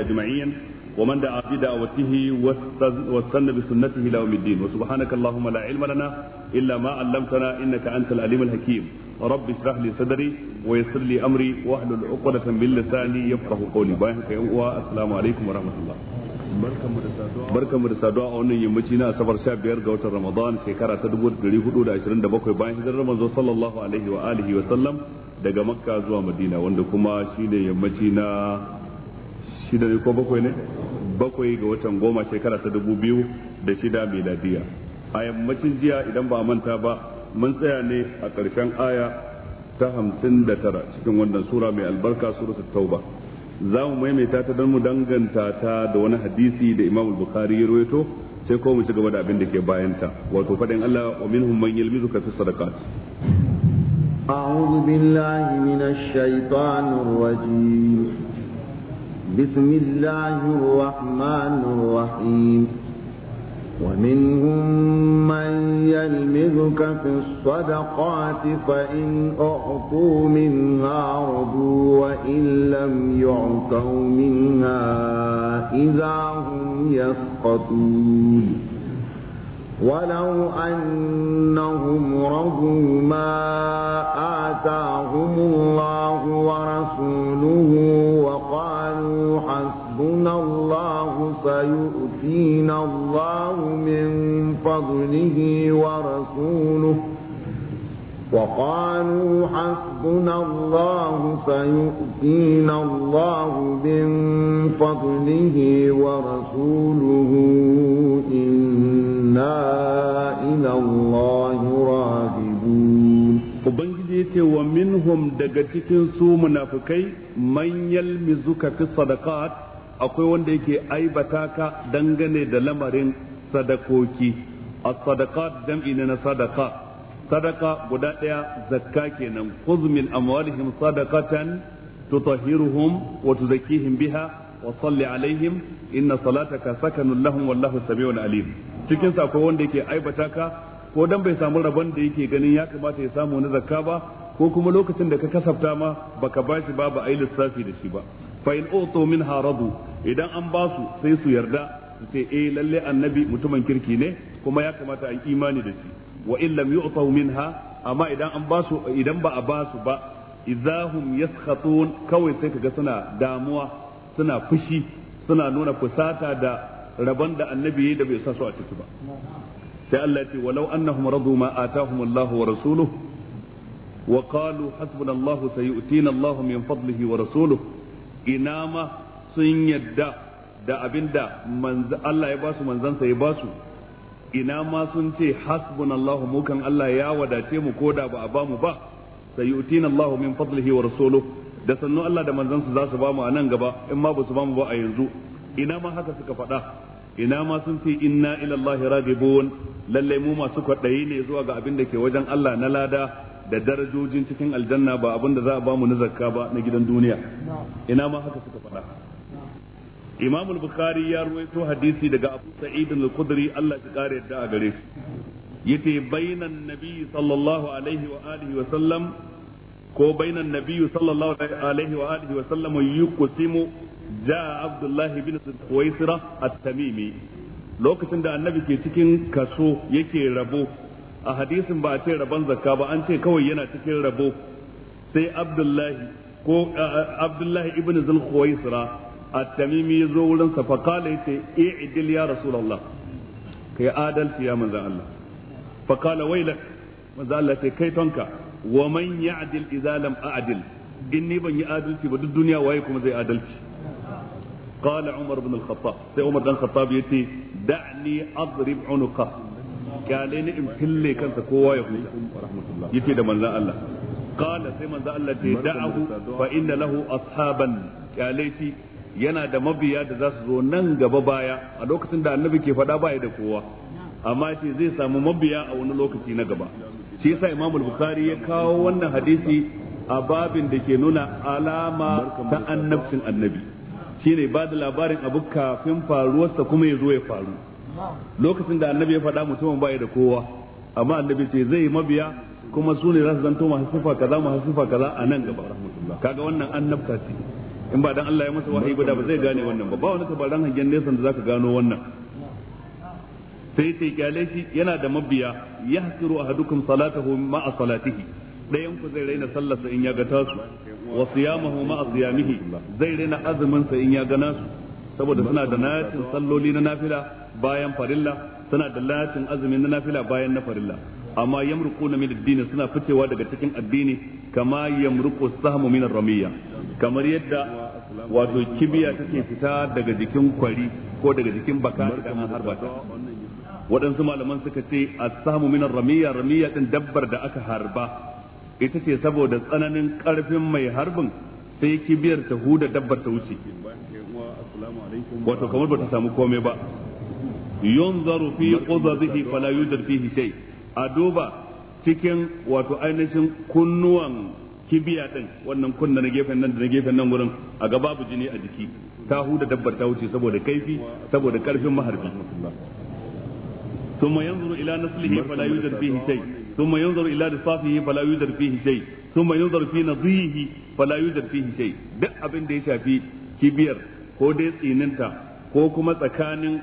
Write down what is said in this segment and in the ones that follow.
أجمعين ومن دعا بدعوته واستنى بسنته إلى يوم الدين وسبحانك اللهم لا علم لنا إلا ما علمتنا إنك أنت العليم الحكيم رب اشرح لي صدري ويسر لي واحلل عقدة من لساني يفقه قولي السلام عليكم الله da saduwa a wannan yammaci na asabar sha biyar ga watan ramadan shekara ta dubu dari hudu da ashirin da bakwai bayan hijirar manzo sallallahu alaihi wa alihi wa sallam daga makka zuwa madina wanda kuma shi ne yammaci na shida ne ko bakwai ne bakwai ga watan goma shekara ta dubu biyu da shida miladiya a yammacin jiya idan ba manta ba mun tsaya ne a ƙarshen aya ta hamsin da tara cikin wannan sura mai albarka suratul tauba za mu maimaita ta don mu danganta ta da wani hadisi da imam bukhari ya rawaito sai ko mu ci gaba da abin da ke bayanta wato faɗin Allah wa minhum man yalmizuka fi sadaqat أعوذ بالله من الشيطان الرجيم بسم الله الرحمن الرحيم ومنهم من يلمزك في الصدقات فإن أعطوا منها رضوا وإن لم يعطوا منها إذا هم يسقطون ولو أنهم رضوا ما آتاهم الله ورسوله وقالوا حسبنا الله سيؤتينا الله من فضله ورسوله وقالوا حسبنا الله سيؤتينا الله من فضله ورسوله إنا إلى الله راغبون Ubangiji wa minhum daga cikin su munafukai man yalmizuka fi sadaqat akwai wanda yake aibata ka dangane da lamarin sadakoki a sadakat jam'i na sadaqa sadaka guda ɗaya zakka kenan khudh min amwalihim sadaqatan tutahhiruhum wa tuzakkihim biha wa salli alaihim inna salataka sakanun lahum wallahu samiun alim cikin sa wanda yake aibata ka ko dan bai samu rabon da yake ganin ya kamata ya samu na zakka ba ko kuma lokacin da ka kasafta ma baka bashi ba ba a yi lissafi da shi ba fa in utu minha idan an basu sai su yarda su ce eh lalle annabi mutumin kirki ne kuma ya kamata a yi imani da shi wa in lam yu'taw minha amma idan an basu idan ba a basu ba idahum yaskhatun kawai sai kaga suna damuwa suna fushi suna nuna fusata da rabon da annabi ya da bai sa su a ciki ba sai Allah ya ce walau annahum radu ma atahum Allah wa rasuluhu wa qalu hasbuna Allah sayu'tina Allah min fadlihi wa rasuluhu inama sun yadda da abinda Allah ya basu manzansa ya basu ina ma sun ce hasbunallahu mu Allah ya wadace mu ko da ba a bamu ba sayu'tina Allahu min fadlihi wa rasuluhu da sannu Allah da manzansu za su bamu a nan gaba in ma ba su bamu ba a yanzu ina ma haka suka faɗa ina ma sun ce inna ila Allah radibun lalle mu masu kwaɗayi ne zuwa ga abin da ke wajen Allah na lada da darajojin cikin aljanna ba abin da za a bamu na zakka ba na gidan duniya ina ma haka suka faɗa Imam al-Bukhari ya ruwaito hadisi daga Abu Sa'id al-Khudri Allah ya kare yadda a gare shi yace bainan nabi sallallahu alaihi wa alihi wa sallam ko bainan nabi sallallahu alaihi wa alihi wa sallam yuqsimu jaa Abdullah ibn Quwaisra at-Tamimi lokacin da annabi ke cikin kaso yake rabo a hadisin ba a ce rabon zakka ba an ce kawai yana cikin rabo sai Abdullahi ko Abdullahi ibn Zulkhuwaisra at yazo wurin sa fa qala yace kai adalci ya manzon Allah fa qala ban yi adalci ba duk duniya waye kuma zai adalci qala umar ibn al-khattab sai umar dan khattab yace da'ni adrib yana da mabiya da za su zo nan gaba baya a lokacin da annabi ke faɗa baya da kowa amma ce zai samu mabiya a wani lokaci na gaba shi yasa imam bukhari ya kawo wannan hadisi a babin da ke nuna alama ta annabcin annabi shine ba da labarin abu kafin faruwarsa kuma ya zo ya faru lokacin da annabi ya faɗa mutumin baya da kowa amma annabi ce zai yi mabiya kuma su ne za su zanto masu sufa kaza masu sufa kaza a nan gaba kaga wannan annabta ce in ba dan Allah ya masa wahayi guda ba zai gane wannan ba ba wani tabaran hangen nesan da zaka gano wannan sai sai kyale shi yana da mabiya ya yahkiru ahadukum salatahu ma'a salatihi ɗayan ku zai raina sallarsa in ya ga tasu wa siyamahu ma'a siyamihi zai raina azumin sa in ya ga nasu saboda suna da nacin salloli na nafila bayan farilla suna da nacin azumin na nafila bayan na farilla amma yamruquna min ad-din suna ficewa daga cikin addini kama yamruku sahmu min ramiya kamar yadda wato kibiya take fita daga jikin kwari ko daga jikin baka idan harba ta waɗansu malaman suka ce as-sahmu min ramiya ramiya din dabbar da aka harba ita ce saboda tsananin ƙarfin mai harbin sai kibiyar ta huda dabbar ta wuce wato kamar bata samu komai ba yunzaru fi qudzihi fala yudar fihi shay a duba cikin wato ainihin kunnuwan kibiya din wannan kunna na gefen nan da na gefen nan gurin a ga babu jini a jiki ta huda dabbar ta wuce saboda kaifi saboda karfin maharbi ثم ينظر إلى نسله فلا يوجد فيه شيء ثم ينظر إلى رصافه فلا يوجد فيه شيء ثم fi في نظيه فلا يوجد fihi shay duk abin da ya shafi kibiyar ko dai tsininta ko kuma tsakanin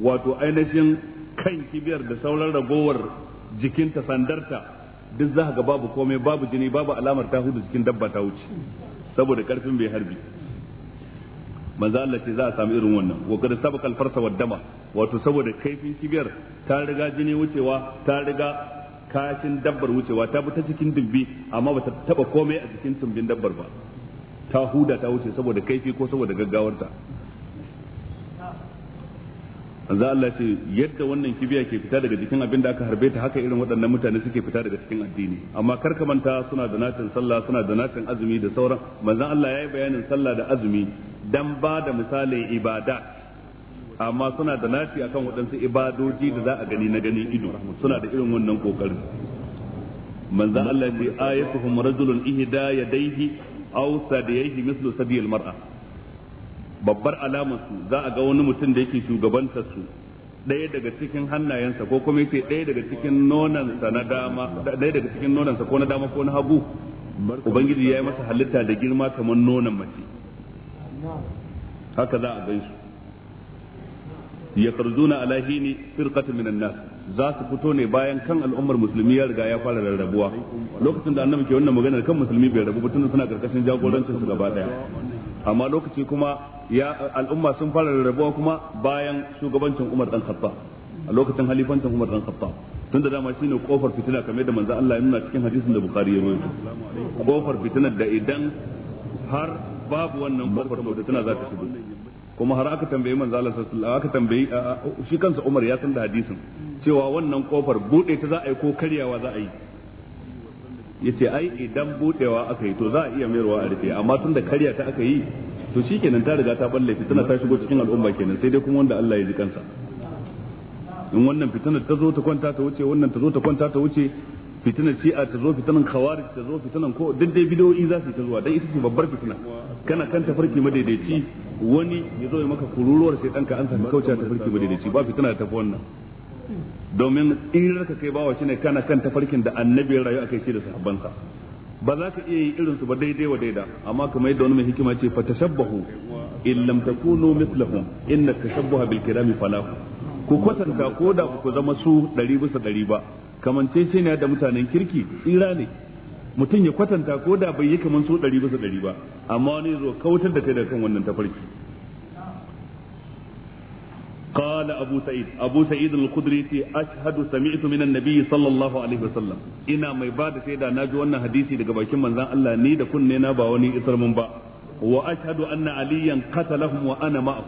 wato ainihin kan kibiyar da sauran ragowar jikinta sandarta duk za ga babu komai babu jini babu alamar ta hudu jikin dabba ta wuce saboda karfin bai harbi manzo Allah ce za a samu irin wannan wa kada sabakal farsa wa dama wato saboda kaifin kibiyar ta riga jini wucewa ta riga kashin dabbar wucewa ta bi ta cikin dubbi amma ba ta taba komai a cikin tumbin dabbar ba ta huda ta wuce saboda kaifi ko saboda gaggawarta manzo Allah ce yadda wannan kibiya ke fita daga jikin abin da aka harbe ta haka irin waɗannan mutane suke fita daga cikin addini amma kar ka manta suna da nacin sallah suna da nacin azumi da sauran manzo Allah yayi bayanin sallah da azumi dan ba da misalin ibada amma suna da naci akan waɗansu ibadoji da za a gani na ganin ido suna da irin wannan kokari manzo Allah ce ayatuhum rajulun ihda yadayhi aw sadiyaihi mithlu sadiyil mar'a babbar alamarsu za a ga wani mutum da yake shugabantar su ɗaya daga cikin hannayensa ko kuma yake ɗaya daga cikin nonansa na dama ɗaya daga cikin nonansa ko na dama ko na hagu ubangiji ya yi masa halitta da girma kamar nonan mace haka za a gaisu ya karzuna ne firkatu minan nas za su fito ne bayan kan al'ummar musulmi ya riga ya fara rarrabuwa lokacin da annabi ke wannan maganar kan musulmi bai rabu ba tunda suna karkashin jagorancin su gaba daya amma lokaci kuma ya al'umma sun fara rarrabuwa kuma bayan shugabancin Umar dan Khattab a lokacin halifantan Umar dan Khattab tun da dama shine kofar fitina kamar da manzo Allah ya nuna cikin hadisin da Bukhari ya rawaito kofar fitina da idan har babu wannan kofar to tana za ta shigo kuma har aka tambayi manzo Allah sallallahu alaihi aka tambayi shi kansa Umar ya san da hadisin cewa wannan kofar bude ta za a yi ko karyawa za a yi yace ai idan budewa aka yi to za a iya mayarwa a rufe amma tun da karya ta aka yi to shi kenan ta riga ta balle fitina ta shigo cikin al'umma kenan sai dai kuma wanda Allah ya ji kansa in wannan fitina ta zo ta kwanta ta wuce wannan ta zo ta kwanta ta wuce fitinar shi'a ta zo fitinar khawarij ta zo fitinar ko duk dai bidoyi za su ta zuwa dan ita ce babbar fitina kana kanta farki madaidaici wani ya zo ya maka kururuwar sai danka an sami kauce ta farki madaidaici ba fitina ta fi wannan domin tsirar ka kai bawa shine kana kanta farkin da annabi ya rayu akai shi da sahabbansa ba za ka iya yi irinsu ba daidai wa daida amma kamar yadda wani mai hikima ce fa tashabbahu in lam takunu mithlahum inna tashabbaha bil kirami falahu ku kwatanta ko da ku zama su ɗari bisa ɗari ba kamance shi ne da mutanen kirki tsira ne mutum ya kwatanta ko da bai yi kamar su ɗari bisa ɗari ba amma wani zo kautar da kai daga kan wannan tafarki قال أبو سعيد أبو سعيد الخدري أشهد سمعت من النبي صلى الله عليه وسلم إنا ما يباد سيدا ناجو أن حديثي دقبا كمان ذا الله نيد كننا باوني إسر من با وأشهد أن عليا قتلهم وأنا معه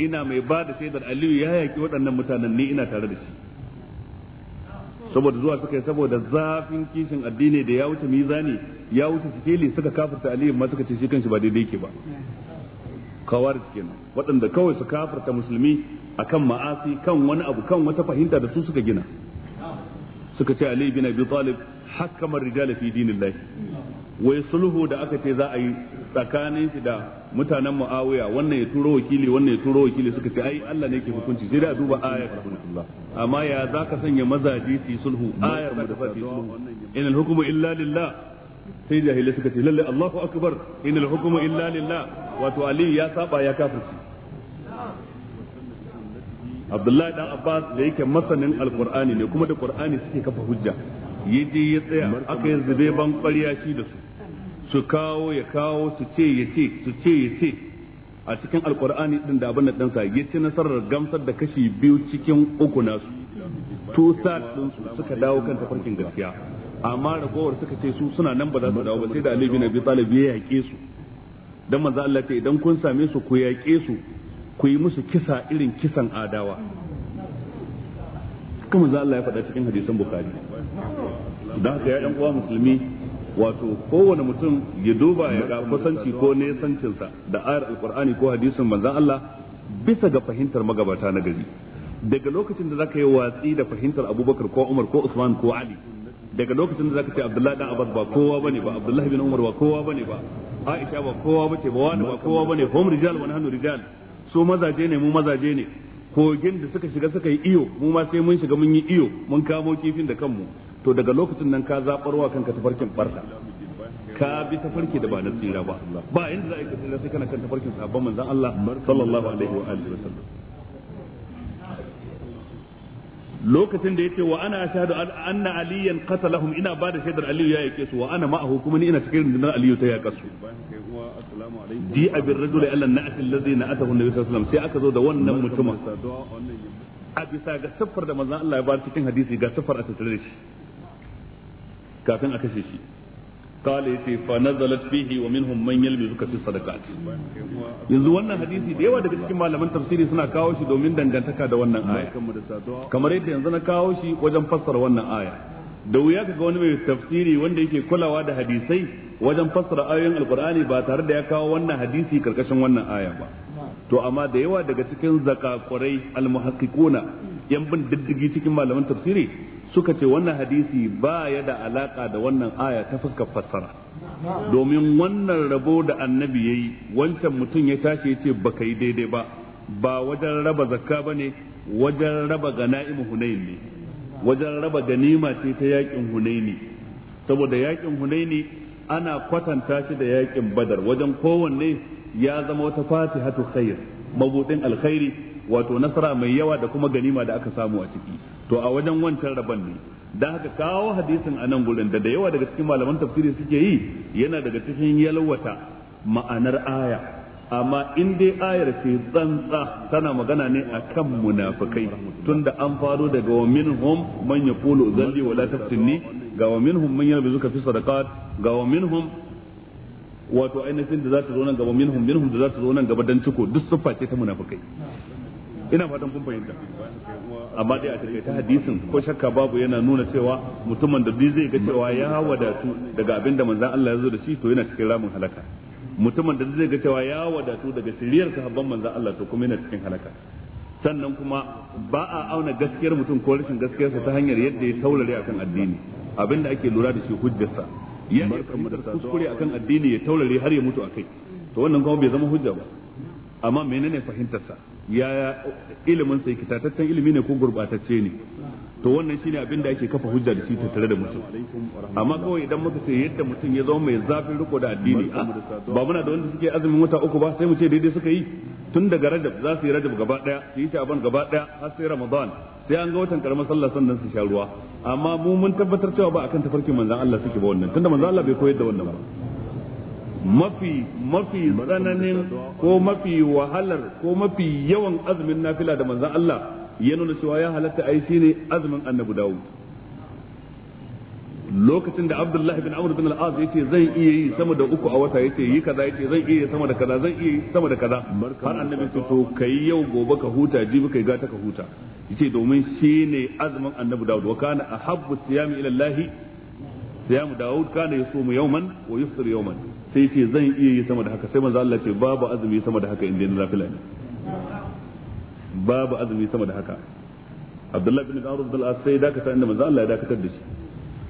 إنا ما يباد سيدا علي يا يكي ودنا متانني إنا تردش saboda zuwa suka yi saboda zafin kishin addini da ya wuce mizani ya wuce sikeli suka kafirta aliyu ma suka ce shi kanshi ba daidai ke ba kawar kenan waɗanda kawai su kafirta musulmi akan ma'asi kan wani abu kan wata fahimta da su suka gina suka ce Ali bin Abi Talib hakkama rijala fi dinillah wai sulhu da aka ce za a yi tsakanin shi da mutanen Muawiya wannan ya turo wakili wannan ya turo wakili suka ce ai Allah ne ke hukunci sai da duba ayar amma ya zaka sanya mazaje su sulhu ayar ba da fadi sulhu inal hukmu illa lillah sai jahilai suka ce lalle Allahu akbar inal hukmu illa lillah wato Ali ya saba ya kafirci abdullahi dan abbas da yake masanin alqur'ani ne kuma da qur'ani suke kafa hujja yaje ya tsaya aka yi zube ban ƙwarya shi da su su kawo ya kawo su ce ya ce su ce ya ce a cikin alqur'ani din da abin da dan sa yace nasarar gamsar da kashi biyu cikin uku nasu to sa din su suka dawo kan tafarkin gaskiya amma ragowar suka ce su suna nan ba za su dawo ba sai da Ali bin Abi Talib ya yaƙe su dan manzo Allah ce idan kun same su ku yaƙe su ku yi musu kisa irin kisan adawa kuma za Allah ya faɗa cikin hadisan bukari da haka ya ɗan uwa musulmi wato kowane mutum ya duba ya ga kusanci ko nesancinsa da ayar alkur'ani ko hadisin manzan Allah bisa ga fahimtar magabata na gari daga lokacin da zaka yi watsi da fahimtar Abubakar ko Umar ko Usman ko Ali daga lokacin da zaka ce Abdullahi dan Abbas ba kowa bane ba Abdullahi bin Umar ba kowa bane ba Aisha ba kowa bace ba wani ba kowa bane hum rijal wa nahnu rijal su mazaje ne mu mazaje ne kogin da suka shiga suka yi iyo mu ma sai mun shiga mun yi iyo mun kamo kifin da kanmu to daga lokacin nan ka zabarwa kanka tafarkin barka ka bi tafarki da ba na tsira ba ba inda za a yi ka tsira sai kana kan tafarkin sabon manzon Allah sallallahu alaihi wa alihi wasallam lokacin da ya ce wa ana ashhadu anna aliyan qatalahum ina ba da shaidar aliyu ya yake su wa ana ma'ahu kuma ni ina cikin rundunar aliyu ta yaƙa su ji abin rajuli allan na asin lazi na atahu nabi sallallahu alaihi sai aka zo da wannan mutumin a bisa ga siffar da manzon Allah ya ba cikin hadisi ga siffar a tattare shi kafin a kashe shi قال يتي فنزلت فيه ومنهم من يلبسك في الصدقات yanzu wannan hadisi da yawa daga cikin malaman tafsiri suna kawo shi domin dangantaka da wannan aya kamar yadda yanzu na kawo shi wajen fassara wannan aya da wuya kaga wani mai tafsiri wanda yake kulawa da hadisai wajen fassara ayoyin alkur'ani ba tare da ya kawo wannan hadisi karkashin wannan aya ba to amma da yawa daga cikin zakakurai almuhaqqiquna yan bin diddigi cikin malaman tafsiri suka ce wannan hadisi ba ya da alaka da wannan aya ta fuskar fassara domin wannan rabo da annabi ya yi wancan mutum ya tashi ya ce ka yi daidai ba ba wajen raba zakka ba ne wajen raba gana'im hunain ne wajen raba ganima ce ta yakin hunaini saboda yakin hunaini ana kwatanta shi da yakin badar wajen kowanne ya zama wata fatihatu khair mabudin alkhairi wato nasara mai yawa da kuma ganima da aka samu a ciki to a wajen wancan rabon ne dan haka kawo hadisin a nan gurin da da yawa daga cikin malaman tafsiri suke yi yana daga cikin yalwata ma'anar aya amma in dai ayar ce tsantsa tana magana ne a kan munafukai tunda an faro daga wa minhum man kulu zalli wala taftinni ga wa minhum man zuka fi sadaqat ga wa minhum wato ainihin da za ta zo nan gaba minhum minhum da za ta zo nan gaba dan ciko duk siffa ce ta munafukai ina fatan kun fahimta amma dai a ta hadisin ko shakka babu yana nuna cewa mutumin da zai ga cewa ya wadatu daga abin da manzon Allah ya zo da shi to yana cikin ramin halaka mutumin da zai ga cewa ya wadatu daga siriyar sahabban manzon Allah to kuma yana cikin halaka sannan kuma ba a auna gaskiyar mutum ko rashin gaskiyarsa ta hanyar yadda ya taulare akan addini abinda ake lura da shi hujjarsa ya kuskure akan addini ya taulare har ya mutu akai to wannan kuma bai zama hujja ba amma menene fahimtarsa yaya ilimin sa yake tataccen ilimi ne ko gurbatacce ne to wannan shine abin da ake kafa hujja da shi tattare da mutum amma kawai idan muka ce yadda mutum ya zama mai zafin riko da addini ah, ba muna da wanda suke azumin wata uku ba sai mu ce daidai suka yi tun daga rajab za su yi rajab gaba daya su yi sha'ban gaba daya har sai ramadan sai an ga watan karamar sallah sannan su sha ruwa amma mu mun tabbatar cewa ba akan tafarkin manzon Allah suke ba wannan tunda manzon Allah bai koyar da wannan ba mafi mafi tsananin ko mafi wahalar ko mafi yawan azumin nafila da manzan Allah ya nuna cewa ya halatta ai ne azumin annabi Dawud lokacin da Abdullah bin Amr bin Al-As yace zan iya yi sama da uku a wata yace yi kaza yace zan iya sama da kaza zan iya sama da kaza har annabi ce to kai yau gobe ka huta jibi kai gata ka huta yace domin shi ne azumin annabi Dawud wa kana ahabbu siyami ila Allah siyamu Dawud kana yasumu yawman wa yufṭir yawman sai ce zan iya yi sama da haka sai manzo Allah ce babu azumi sama da haka inda na nafila ne babu azumi sama da haka Abdullahi bin Amr bin Al-As sai dakata inda manzo Allah ya dakatar da shi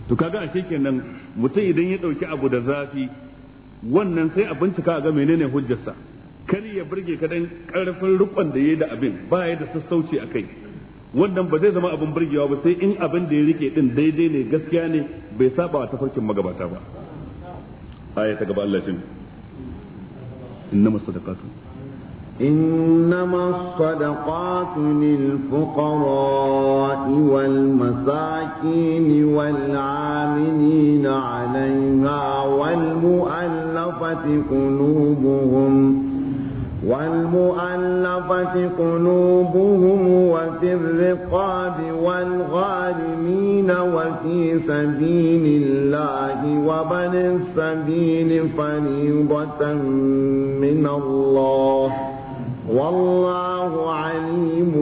to kaga ashe nan mutum idan ya dauki abu da zafi wannan sai a bincika a ga menene sa kar ya burge ka dan karfin rukun da yayi da abin ba ya da sassauci akai wannan ba zai zama abin burgewa ba sai in abin da ya rike din daidai ne gaskiya ne bai saba wa tafarkin magabata ba aya ta gaba Allah shi innama sadaqatu إنما الصدقات للفقراء والمساكين والعاملين عليها والمؤلفة قلوبهم والمؤلفة قلوبهم وفي الرقاب والغارمين وفي سبيل الله وبن السبيل فريضة من الله والله عليم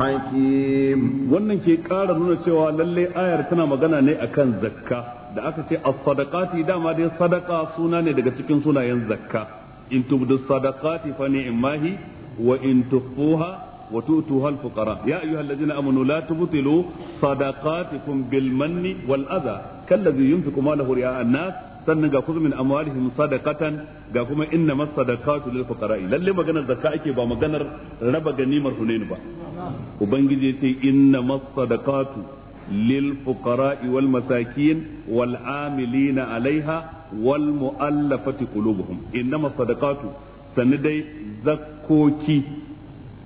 حكيم wannan ke ƙara nuna cewa lalle ayar tana magana ne akan zakka da aka ce as-sadaqati dama dai sadaqa suna ne daga cikin sunayen zakka in tubdu sadaqati fa ni'mahi wa in tukhfuha wa tu'tuha al-fuqara ya ayyuhalladhina amanu la tubtilu sadaqatikum bil manni wal adha kalladhi yunfiqu malahu ri'a nas sannan ga kuzumin amwalihim sadaqatan ga kuma inna masadaqatu lil fuqara lalle maganar zakka ake ba maganar raba ganimar hunain ba ubangiji ya ce inna masadaqatu للفقراء والمساكين والعاملين عليها والمؤلفة قلوبهم إنما sani dai زكوكي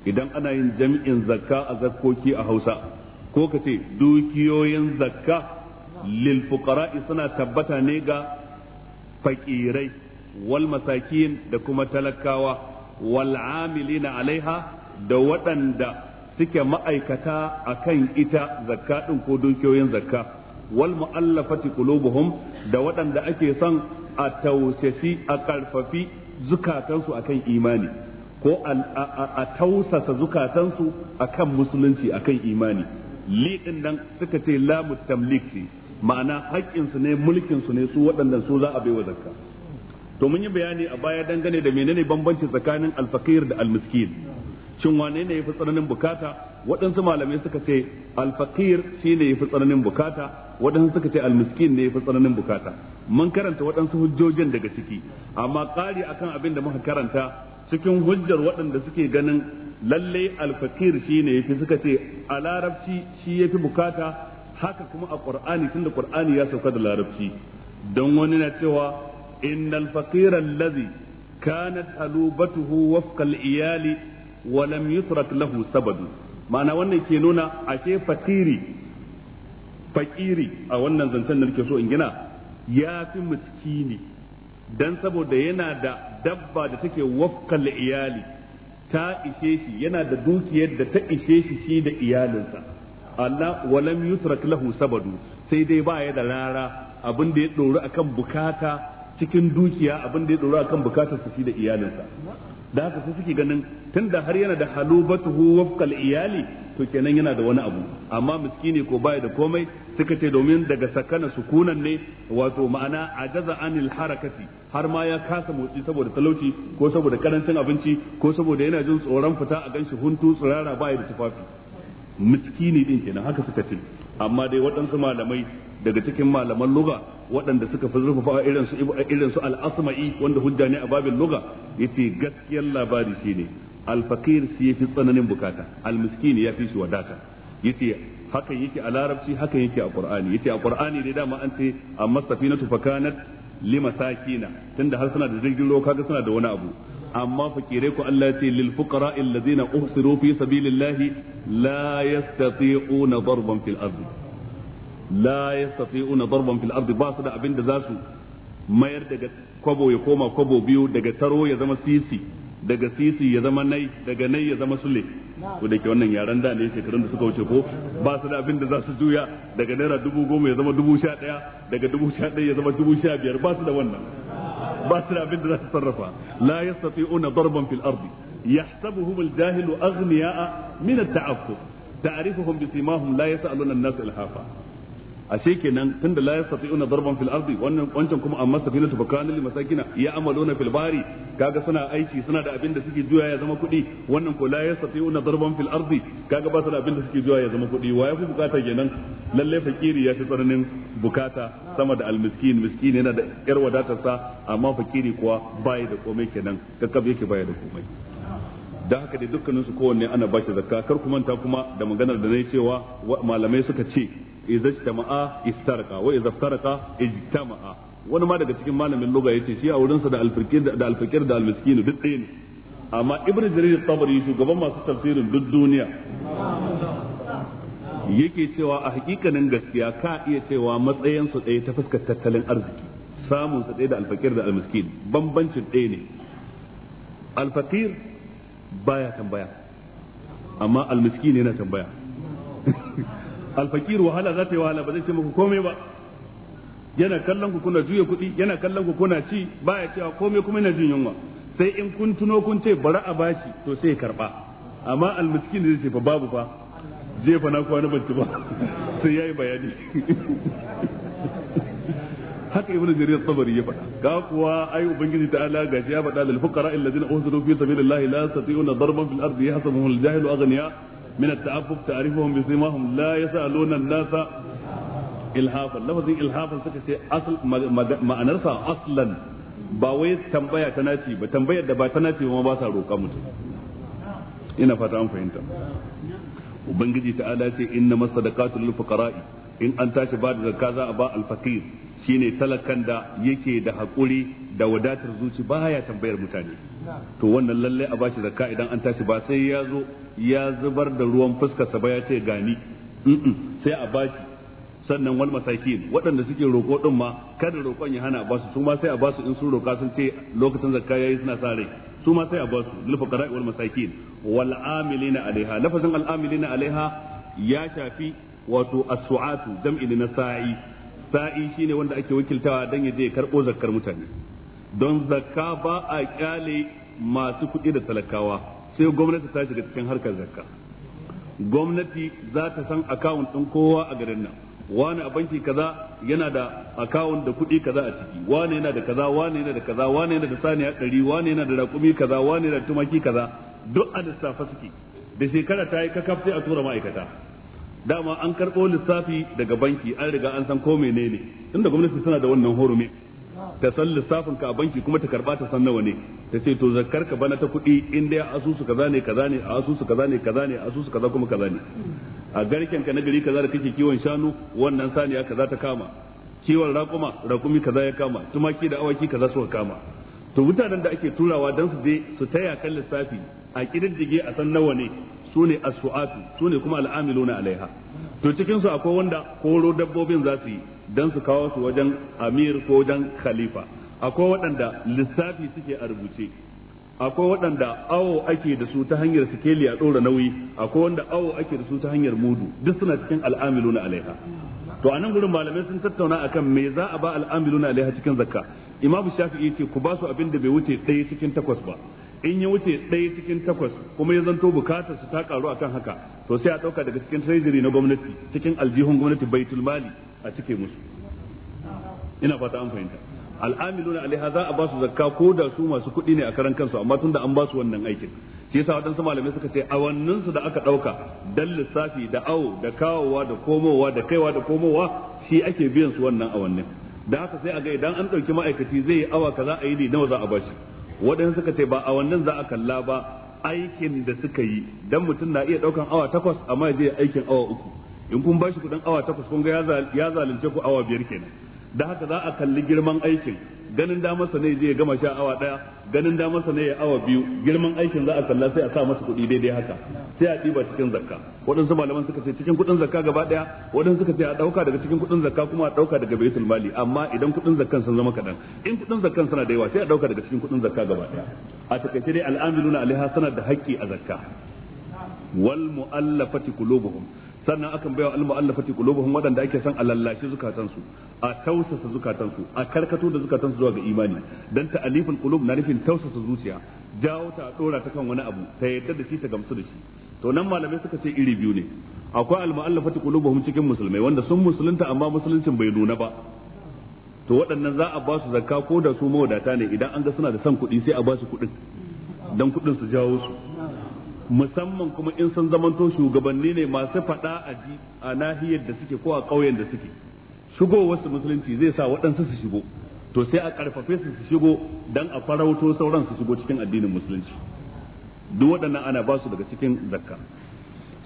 idan ana yin jami'in zakka a zakkoki a hausa ko ka ce dukiyoyin zakka lil fuqara'i suna tabbata ne ga fakirai wal masakin da kuma talakawa wal amilina alaiha da waɗanda suke ma'aikata a kan ita zakka ɗin ko dukiyoyin zakka wal mu'allafati kulubuhum da waɗanda ake son a tausafi a ƙarfafi zukatansu akan imani ko a tausasa zukatansu akan musulunci akan imani liɗin nan suka ce la tamliki ma'ana haƙƙinsu ne mulkinsu ne su waɗannan su za a baiwa zakka to mun yi bayani a baya dangane da menene bambanci tsakanin alfakir da almiskin shin wane ne yafi tsananin bukata waɗansu malamai suka ce alfaqir shine yafi tsananin bukata waɗansu suka ce almiskin ne yafi tsananin bukata mun karanta waɗansu hujjojin daga ciki amma ƙari akan abin da muka karanta cikin hujjar waɗanda suke ganin lallai alfaqir shine yafi suka ce a larabci shi yafi bukata haka kuma a qur'ani tunda qur'ani ya sauka da larabci don wani na cewa innal faqira allazi kanat alubatuhu wafqa iyali wa lam lahu sabadu ma'ana wannan ke nuna ashe fakiri fakiri a wannan zancen da nake so in gina ya fi miskini dan saboda yana da dabba da take wafkal iyali ta ishe shi yana da dukiyar da ta ishe shi shi da iyalinsa Allah walam yusrak lahu sabadu sai dai ba ya da rara abin da ya dori akan bukata cikin dukiya abin da ya dori akan bukatarsa shi da iyalinsa da haka sai suke ganin tunda har yana da halubatuhu wafqal iyali to kenan yana da wani abu amma miskini ko baya da komai suka ce domin daga sakana sukunan ne wato ma'ana ajaza anil harakati har ma ya kasa motsi saboda talauci ko saboda karancin abinci ko saboda yana jin tsoron fita a ganshi huntu tsirara baya da tufafi miskini din kenan haka suka ce amma dai waɗansu malamai daga cikin malaman luga waɗanda suka fi zurfafa irin su irin su al-asma'i wanda hujja ne a babin luga yace gaskiyar labari shine al-faqir shi yafi tsananin bukata al-miskin yafi shi wadata yace hakan yake a larabci hakan yake a qur'ani yace a qur'ani dai dama an ce amma safinatu fakanat limasakina tunda har suna da jirgin ruwa kaga suna da wani abu amma fakirai ku Allah ce lil fuqara alladhina uhsiru fi sabilillahi la yastati'una darban fil ardh la yastati'una darban fil ardi ba su da abin za su mayar daga kwabo ya koma kwabo biyu daga taro ya zama sisi daga sisi ya zama nai daga nai ya zama sule ko da ke wannan yaran da ne shekarun da suka wuce ko ba su da abin da za su juya daga naira dubu goma ya zama dubu sha daya daga dubu sha daya ya zama dubu sha biyar ba su da wannan ba su da abin da za su sarrafa la yastati'una darban fil ardi yahsabuhum al-jahilu aghniya'a min at-ta'affuf ta'rifuhum bisimahum la yas'aluna ashe kenan tunda la yastati'una darban fil ardi wannan wancan kuma amma safinatu fakana lil masakina ya amaluna fil bari kaga suna aiki suna da abin da suke juya ya zama kuɗi wannan ko la yastati'una darban fil ardi kaga ba su da abin da suke juya ya zama kuɗi wa yafi bukata kenan lalle fakiri ya fi tsananin bukata sama da almiskin miskin yana da yar wadatarsa amma fakiri kuwa baya da komai kenan kakkab yake baya da komai da haka dai dukkaninsu kowanne ana bashi zakka kar ku manta kuma da maganar da na cewa malamai suka ce idza ijtama'a istarqa wa idza iftarqa ijtama'a wani ma daga cikin malamin lugha yace shi a wurin wurinsa da alfakir da alfakir da almiskin duk ɗaya ne amma ibnu jarir tabari shugaban masu tafsirin duk duniya yake cewa a hakikanin gaskiya ka iya cewa matsayin su ɗaya ta fuskar tattalin arziki samun su ɗaya da alfakir da almiskin bambancin ɗaya ne alfakir baya tambaya amma almiskin yana tambaya alfakir wahala za ta yi wahala ba zai ce muku komai ba yana kallon ku kuna juya kuɗi yana kallon ku kuna ci baya cewa komai kuma yana jin yunwa sai in kun tuno kun ce bari a bashi to sai ya karba amma almiskin zai ce fa babu fa jefa na kwana ban ci ba sai ya yi bayani haka ibnu jarir tabari ya faɗa ga kuwa ai ubangiji ta'ala gashi ya faɗa lil fuqara alladhina uhsiru fi sabilillahi la yastati'una darban fil ardi yahsabuhum al jahilu aghniya min at-ta'affuf ta'rifuhum bi simahum la yas'aluna an-nasa ilhafan lafazin ilhafan suka ce asal ma'anarsa aslan ba wai tambaya ta naci ba tambayar da ba ta naci ba ba roƙa mutum ina fata an fahimta ubangiji ta'ala ce inna masadaqatul fuqara'i in an tashi ba da zakka za a ba alfaqir shine talakan da yake da hakuri da wadatar zuci baya tambayar mutane to wannan lalle a bashi zakka idan an tashi ba sai ya zo ya zubar da ruwan fuskarsa ba ya ce gani sai a bashi sannan wal masakin waɗanda suke roƙo din ma kada roƙon ya hana basu su ma sai a basu in sun roƙa sun ce lokacin zakka yayi suna sa rai su ma sai a basu lufa qara'i wal masakin wal amilina alaiha lafazin al amilina alaiha ya shafi wato asuatu suatu jam'i na sa'i sa'i shine wanda ake wakiltawa dan ya je karbo zakkar mutane don zakka ba a kyale masu kuɗi da talakawa sai gwamnati ta shiga cikin harkar zakka gwamnati za ta san akawun ɗin kowa a garin nan wani a banki kaza yana da akawun da kuɗi kaza a ciki wani yana da kaza wani yana da kaza wani yana da saniya ɗari wani yana da raƙumi kaza wani yana da tumaki kaza duk a lissafa suke da shekara ta yi kakaf sai a tura ma'aikata dama an karɓo lissafi daga banki an riga an san ko menene tunda gwamnati suna da wannan horumi ta san lissafin ka a banki kuma ta karba ta san nawa ne ta ce to zakkar ka bana ta kuɗi in dai asusu kaza ne kaza ne a asusu kaza ne kaza ne asusu kaza kuma kaza ne a garken ka na gari kaza da kake kiwon shanu wannan saniya kaza ta kama kiwon raƙuma raƙumi kaza ya kama tumaki da awaki kaza suka kama to mutanen da ake turawa don su je su taya kan lissafi a kididdige a san nawa ne su ne asu'atu su ne kuma na alaiha to cikin su akwai wanda koro dabbobin za su yi dan su kawo su wajen amir ko wajen khalifa akwai waɗanda lissafi suke a rubuce akwai waɗanda awo ake da su ta hanyar sikeli a ɗora nauyi akwai wanda awo ake da su ta hanyar mudu duk suna cikin na alaiha to a nan gurin malamai sun tattauna akan me za a ba na alaiha cikin zakka imamu shafi'i ce ku ba su abin da bai wuce ɗaya cikin takwas ba in ya wuce ɗaya cikin takwas kuma ya zanto bukatar su ta karu akan haka to sai a ɗauka daga cikin treasury na gwamnati cikin aljihun gwamnati baitul mali a cike musu ina fata an fahimta na alaiha za a ba su zakka ko da su masu kuɗi ne a karan kansu amma tun da an ba su wannan aikin shi yasa waɗansu malamai suka ce awannin su da aka ɗauka dan lissafi da awo da kawowa da komowa da kaiwa da komowa shi ake biyan su wannan awannin da haka sai a ga idan an ɗauki ma'aikaci zai yi awa kaza a yi ne nawa za a ba shi waɗansu suka ce ba a wannan za a kalla ba aikin da suka yi dan mutum na iya ɗaukan awa takwas amma ya je aikin awa uku in kun bashi kuɗin awa takwas kun ga ya zalunce ku awa biyar kenan da haka za a kalli girman aikin ganin da masa ne zai ya gama sha awa daya ganin da masa ne ya awa biyu girman aikin za a kalla sai a sa masa kuɗi daidai haka sai a diba cikin zakka waɗansu malaman suka ce cikin kuɗin zakka gaba daya waɗansu suka ce a ɗauka daga cikin kuɗin zakka kuma a ɗauka daga baitul mali amma idan kuɗin zakkan sun zama kaɗan in kuɗin zakkan suna da yawa sai a ɗauka daga cikin kuɗin zakka gaba daya a takaice dai al'amiluna alaiha sana da haƙƙi a zakka wal mu'allafati qulubuhum sannan akan baiwa al-mu'allafati qulubuhum wadanda ake san a zukatan zukatansu a tausasa zukatansu a karkato da zukatansu zuwa ga imani dan ta'alifin qulub na nufin tausasa zuciya jawo ta dora ta kan wani abu ta yadda da shi ta gamsu da shi to nan malamai suka ce iri biyu ne akwai al-mu'allafati qulubuhum cikin musulmai wanda sun musulunta amma musuluncin bai nuna ba to waɗannan za a ba su zakka ko da su mawadata ne idan an ga suna da son kuɗi sai a ba su kuɗin dan kuɗin su jawo su musamman kuma in sun zamanto shugabanni ne masu faɗa a ji a nahiyar da suke ko a ƙauyen da suke shigowarsu musulunci zai sa waɗansu su shigo to sai a ƙarfafe su su shigo don a farauto sauran su shigo cikin addinin musulunci duk waɗannan ana ba su daga cikin zakka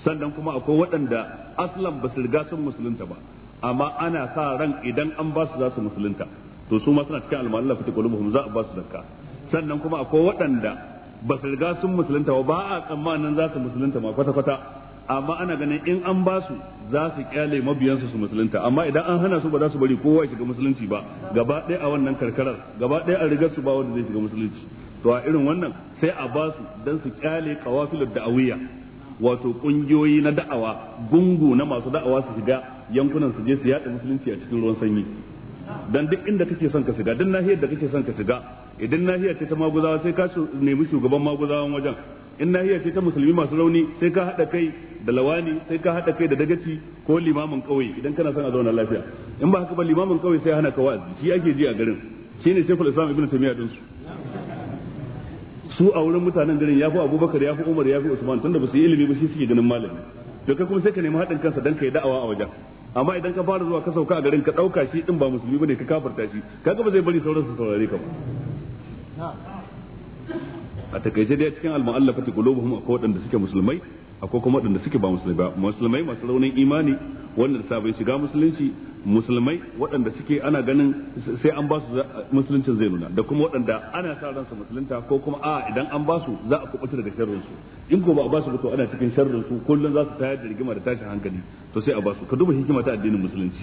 sannan kuma akwai waɗanda aslan ba su riga sun musulunta ba amma ana sa ran idan an ba su za su musulunta to su ma suna cikin almalin lafita za a ba su zakka sannan kuma akwai waɗanda ba su riga sun musulunta ba ba a tsammanin za su musulunta ma kwata kwata amma ana ganin in an ba su za su kyale mabiyansu su musulunta amma idan an hana su ba za su bari kowa ya shiga musulunci ba gaba ɗaya a wannan karkarar gaba ɗaya a rigar su ba wanda zai shiga musulunci to a irin wannan sai a ba su dan su kyale da da'awiyya wato kungiyoyi na da'awa gungu na masu da'awa su shiga yankunan su je su yaɗa musulunci a cikin ruwan sanyi dan duk inda kake son ka shiga duk nahiyar da kake son ka shiga idan nahiya ce ta maguzawa sai ka nemi shugaban maguzawan wajen in nahiya ce ta musulmi masu rauni sai ka haɗa kai da lawani sai ka haɗa kai da dagaci ko limamin ƙauye idan kana son a zauna lafiya in ba haka ba limamin ƙauye sai hana ka wa'azi shi ake ji a garin shi ne shekul islam ibn tamiya din su su a wurin mutanen garin yafi abubakar yafi umar yafi usman tunda ba su yi ilimi ba shi suke ganin malami to kai kuma sai ka nemi haɗin kansa dan kai da'awa a wajen amma idan ka fara zuwa ka sauka a garin ka ɗauka shi din ba musulmi bane ka kafarta shi kaga ba zai bari sauransu saurare ka ba a takaice dai cikin almu'allafati qulubuhum akwai waɗanda suke musulmai akwai kuma waɗanda suke ba musulmai ba musulmai masu raunin imani wanda da bai shiga musulunci musulmai waɗanda suke ana ganin sai an ba su musuluncin zai nuna da kuma waɗanda ana sa ransa musulunta ko kuma a idan an ba su za a kubuta daga sharrin su in ko ba a ba su to ana cikin sharrin su kullun za su tayar da rigima da tashin hankali to sai a ba su ka duba hikima ta addinin musulunci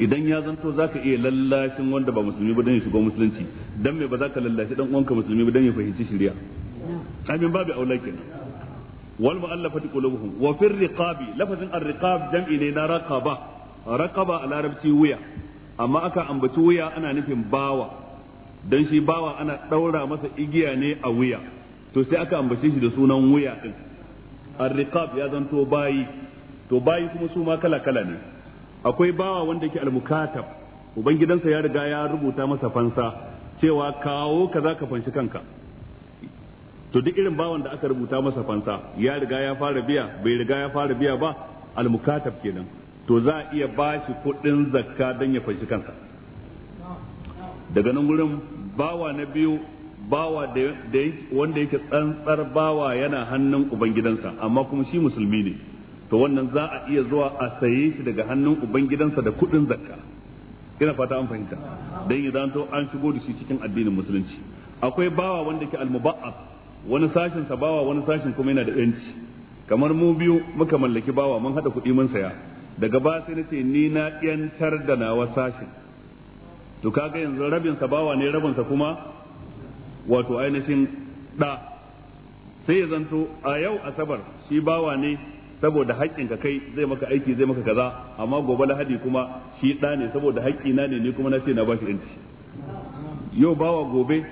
idan ya zanto za ka iya lallashin wanda ba musulmi ba dan ya shigo musulunci don me ba za ka lallashi dan uwanka musulmi ba don ya fahimci shari'a amin babu aula kenan wal ti qulubuhum wa fir riqabi lafazin ar-riqab jam'i ne na raqaba raqaba a larabci wuya amma aka ambaci wuya ana nufin bawa dan shi bawa ana ɗaura masa igiya ne a wuya to sai aka ambace shi da sunan wuya din ar-riqab ya zanto bayi to bayi kuma su ma kala kala ne akwai bawa wanda yake almukatab ubangidansa ya riga ya rubuta masa fansa cewa kawo ka za ka fanshi kanka to duk irin bawan da aka rubuta masa fansa ya riga ya fara biya bai riga ya fara biya ba almukatab kenan to za a iya ba shi kuɗin zakka don ya fanshi kansa daga nan gurin bawa na biyu bawa da wanda yake tsantsar bawa yana hannun ubangidansa amma kuma shi musulmi ne to wannan za a iya zuwa a saye shi daga hannun ubangidansa da kuɗin zakka ina fata an fahimta dan ya zanto an shigo da shi cikin addinin musulunci akwai bawa wanda ke almuba'a. wani sashin sa bawa wani sashin kuma yana da yanci kamar mu biyu muka mallaki bawa mun hada kuɗi mun saya daga ba sai nace ni na yantar da nawa sashen. to kaga yanzu rabin sa bawa ne rabin sa kuma wato ainihin da sai ya zanto a yau asabar shi bawa ne saboda haƙƙin ka kai zai maka aiki zai maka kaza amma gobe lahadi kuma shi ɗa ne saboda haƙƙi na ne ni kuma na ce na bashi yanci yau bawa gobe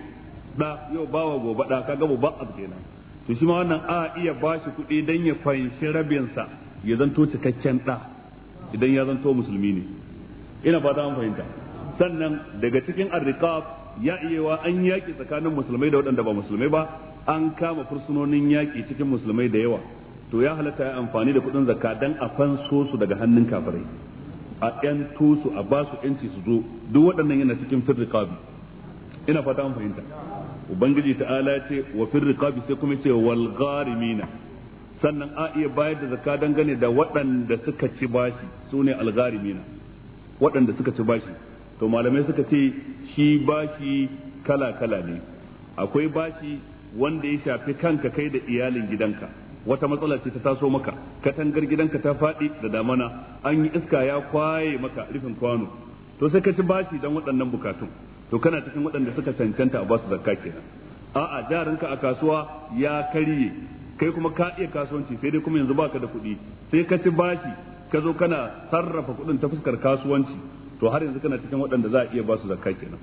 ɗa yau bawa gobe ɗa ka mu ba abu kenan to shi ma wannan a iya bashi kuɗi dan ya fahimci rabinsa ya zanto cikakken ɗa idan ya zanto musulmi ne ina fata an fahimta sannan daga cikin arriqab ya wa an yaƙi tsakanin musulmai da waɗanda ba musulmai ba an kama fursunonin yaƙi cikin musulmai da yawa to ya halatta ya amfani da kuɗin zakka dan a fanso su daga hannun kafirai a ƴan su a basu su ƴanci su zo duk waɗannan yana cikin firriqabi ina fata an fahimta ubangiji ta'ala ce wa firriqabi sai kuma ce wal gharimina sannan a iya bayar da zakka dangane da waɗanda suka ci bashi sune al gharimina waɗanda suka ci bashi to malamai suka ce shi bashi kala kala ne akwai bashi wanda ya shafi kanka kai da iyalin gidanka wata matsala ce ta taso maka katangar gidanka ta faɗi da damana an yi iska ya kwaye maka rufin kwano to sai ka ci bashi don waɗannan bukatun to kana cikin waɗanda suka cancanta a su zakka kenan a'a jarinka a kasuwa ya karye kai kuma ka iya kasuwanci sai dai kuma yanzu baka da kuɗi sai ka ci bashi ka zo kana sarrafa kuɗin ta fuskar kasuwanci to har yanzu kana cikin waɗanda za a iya ba basu zakka kenan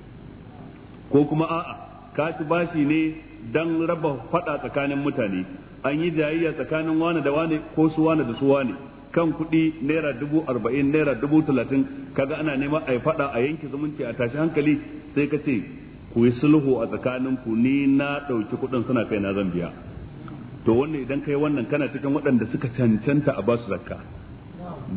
ko kuma a'a ka ci bashi ne dan raba fada tsakanin mutane an yi jayayya tsakanin wane da wane ko su wane da su wane kan kuɗi naira dubu arba'in naira dubu talatin kaga ana neman a yi fada a yanke zumunci a tashi hankali sai ka ce ku yi sulhu a tsakanin ku ni na ɗauki kuɗin suna kai na zan biya to wannan idan kai wannan kana cikin waɗanda suka cancanta a basu zakka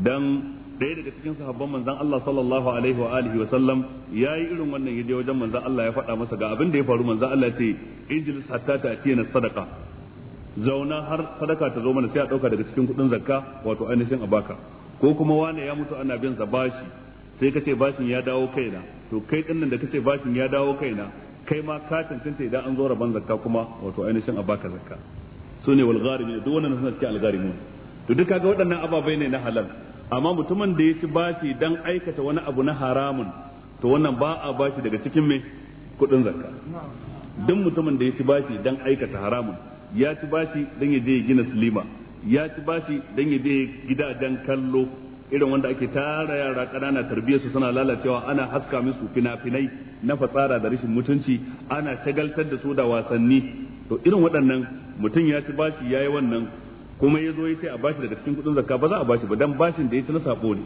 dan ɗaya daga cikin sahabban manzon Allah sallallahu alaihi wa alihi wa sallam yayi irin wannan yaje wajen manzon Allah ya faɗa masa ga abin da ya faru manzon Allah ce ijlis hatta na sadaqa zauna har sadaka ta zo mana sai a dauka daga cikin kudin zakka wato ainihin abaka ko kuma wani ya mutu ana bin sa bashi sai kace bashin ya dawo kaina to kai din nan da kace bashin ya dawo kaina kai ma ka tantance idan an zo rabon zakka kuma wato ainihin abaka zakka sune wal gharimin duk wannan suna cikin algari gharimin to duk kaga waɗannan ababai ne na halal amma mutumin da ya ci bashi dan aikata wani abu na haramun to wannan ba a bashi daga cikin mai kudin zakka duk mutumin da ya ci bashi dan aikata haramun ya ci bashi dan ya je ya gina silima ya ci bashi dan ya je gidajen kallo irin wanda ake tara yara kanana tarbiyyar su suna lalacewa ana haska musu fina-finai na fatsara da rashin mutunci ana shagaltar da su da wasanni to irin waɗannan mutum ya ci bashi ya yi wannan kuma ya zo ya ce a bashi daga cikin kudin zakka ba za a bashi ba dan bashin da ya ci na sabo ne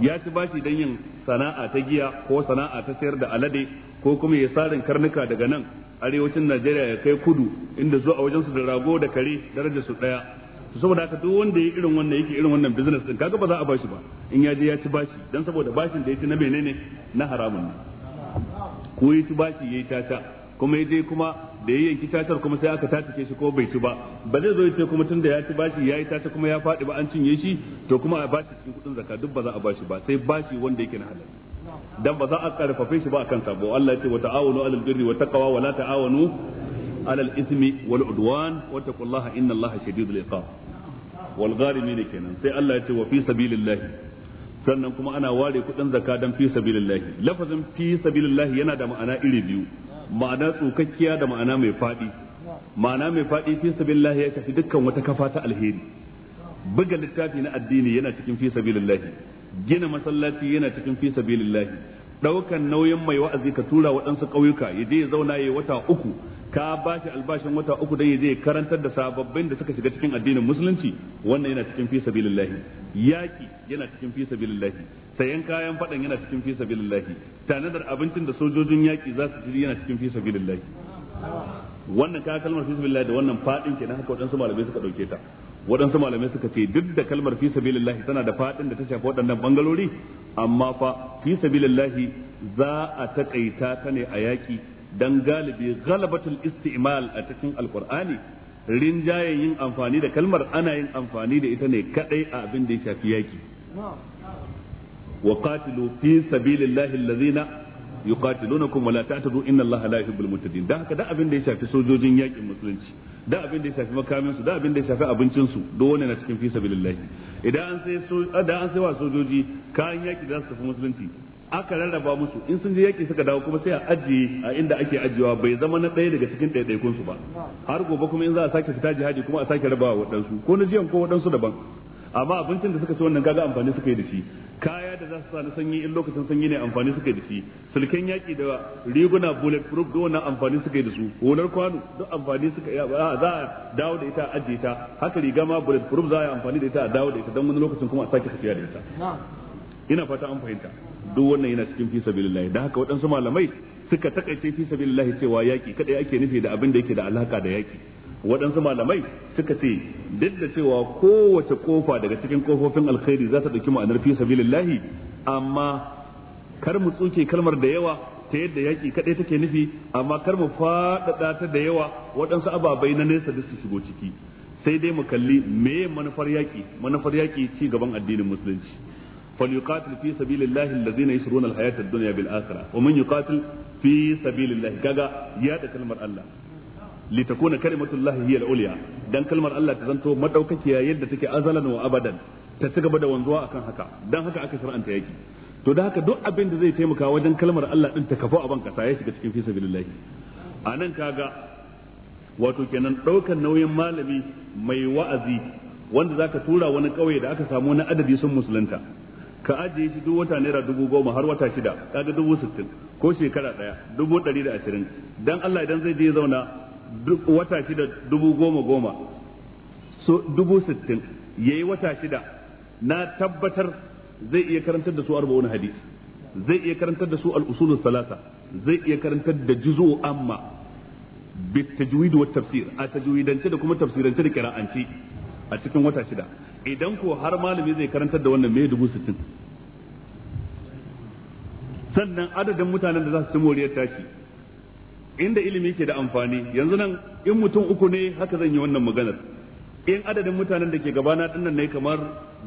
ya ci bashi dan yin sana'a ta giya ko sana'a ta sayar da alade ko kuma ya sarin karnuka daga nan arewacin Najeriya ya kai kudu inda zuwa a wajen su da rago da kare darajar su daya saboda haka duk wanda ya irin wannan yake irin wannan business din kaga ba za a bashi ba in ya je ya ci bashi dan saboda bashin da ya ci na menene na haramun ne ko ya ci bashi yayi tata kuma ya je kuma da ya yanki tatar kuma sai aka tatake shi ko bai ci ba ba zai zo ya ce kuma tunda ya ci bashi ya yi tata kuma ya faɗi ba an cinye shi to kuma a bashi cikin kuɗin zakka duk ba za a bashi ba sai bashi wanda yake na halal dan ba za a karfafe shi ba akan sabo Allah ya ce wa ta'awunu alal birri wa taqwa wa la ta'awunu alal ismi wal udwan wa taqullaha inna Allaha shadidul iqab wal gharimin kenan sai Allah ya ce wa fi sabilillahi sannan kuma ana ware kudin zakka dan fi sabilillahi lafazin fi sabilillahi yana da ma'ana iri biyu ma'ana tsukakkiya da ma'ana mai faɗi ma'ana mai faɗi fi sabilillah ya shafi dukkan wata kafa ta alheri buga littafi na addini yana cikin fi sabilillah gina masallaci yana cikin fi sabilillah daukan nauyin mai wa'azi ka tura waɗansu ƙauyuka ya je ya zauna ya wata uku ka ba shi albashin wata uku dan ya je karantar da sababbin da suka shiga cikin addinin musulunci wannan yana cikin fi sabilillah yaki yana cikin fi sabilillah sayan kayan fadan yana cikin fi sabilillahi tanadar abincin da sojojin yaƙi za su ci yana cikin fi sabilillahi wannan ka kalmar fi sabilillahi da wannan fadin kenan haka wadansu malamai suka dauke ta wadansu malamai suka ce duk da kalmar fi sabilillahi tana da fadin da ta shafi waɗannan bangalori amma fa fi sabilillahi za a takaita ta ne a yaki dan galibi galabatul isti'mal a cikin alqur'ani rinjayen yin amfani da kalmar ana yin amfani da ita ne kadai a abin da ya shafi yaki wa qatilu fi sabilillahi allazina yuqatilunakum wa la ta'tadu inna allaha la yuhibbul mutadin dan haka da abin da ya shafi sojojin yakin musulunci da abin da ya shafi makamin da abin da ya shafi abincin su duk na cikin fi sabilillahi idan an sai da an sai wa sojoji kayan yaki da su tafi musulunci aka rarraba musu in sun je yaki suka dawo kuma sai a ajiye a inda ake ajiyewa bai zama na ɗaya daga cikin ɗaiɗaikun su ba har gobe kuma in za a sake fita jihadi kuma a sake rabawa waɗansu ko na jiyan ko waɗansu daban amma abincin da suka ci wannan kaga amfani suka yi da shi kaya za su sa na sanyi in lokacin sanyi ne amfani suka yi da shi sulken yaki da riguna bullet proof da wannan amfani suka yi da su wonar kwano duk amfani suka za a dawo da ita a ajiye ta haka riga ma bullet proof za a yi amfani da ita a dawo da ita don wani lokacin kuma a sake tafiya da ita ina fata an fahimta duk wannan yana cikin fi sabilillah da haka waɗansu malamai suka takaice fi sabilillah cewa yaki kada ake nufi da abin da yake da alaka da yaki waɗansu malamai suka ce duk da cewa kowace kofa daga cikin kofofin alkhairi za ta ɗauki ma'anar fi sabilillahi amma kar mu tsuke kalmar da yawa ta yadda yaƙi kaɗai take nufi amma kar mu faɗaɗa ta da yawa waɗansu ababai na nesa da su shigo ciki sai dai mu kalli me manufar yaƙi manufar yaƙi ci gaban addinin musulunci فليقاتل في سبيل الله الذين dunya bil akhirah wa man yuqatil fi sabilillahi الله ya da kalmar Allah litakuna kalimatullahi hiya al-ulya dan kalmar Allah ta zanto madaukakiya yadda take azalan wa abadan ta ci gaba da wanzuwa akan haka dan haka aka shar'anta yaki to da haka duk abin da zai taimaka wajen kalmar Allah din ta kafa a ban kasa ya shiga cikin fi sabilillah anan kaga wato kenan daukan nauyin malami mai wa'azi wanda zaka tura wani kauye da aka samu na adadi sun musulunta ka ajiye shi duk wata naira dubu goma har wata shida kaga dubu sittin ko shekara daya dubu dari da ashirin dan Allah idan zai je zauna wata shida dubu goma goma so dubu sittin ya yi wata shida na tabbatar zai iya karantar da su arba'un hadis zai iya karantar da su al'usulun salasa zai iya karantar da juzo amma bitajwid wa tafsir a tajwidance da kuma tafsirance da kira'anci a cikin wata shida idan ko har malami zai karantar da wannan mai dubu sittin sannan adadin mutanen da za su ci moriyar tashi inda ilimi ke da amfani yanzu nan in mutum uku ne haka zan yi wannan maganar in adadin mutanen da ke gabana dinnan ne kamar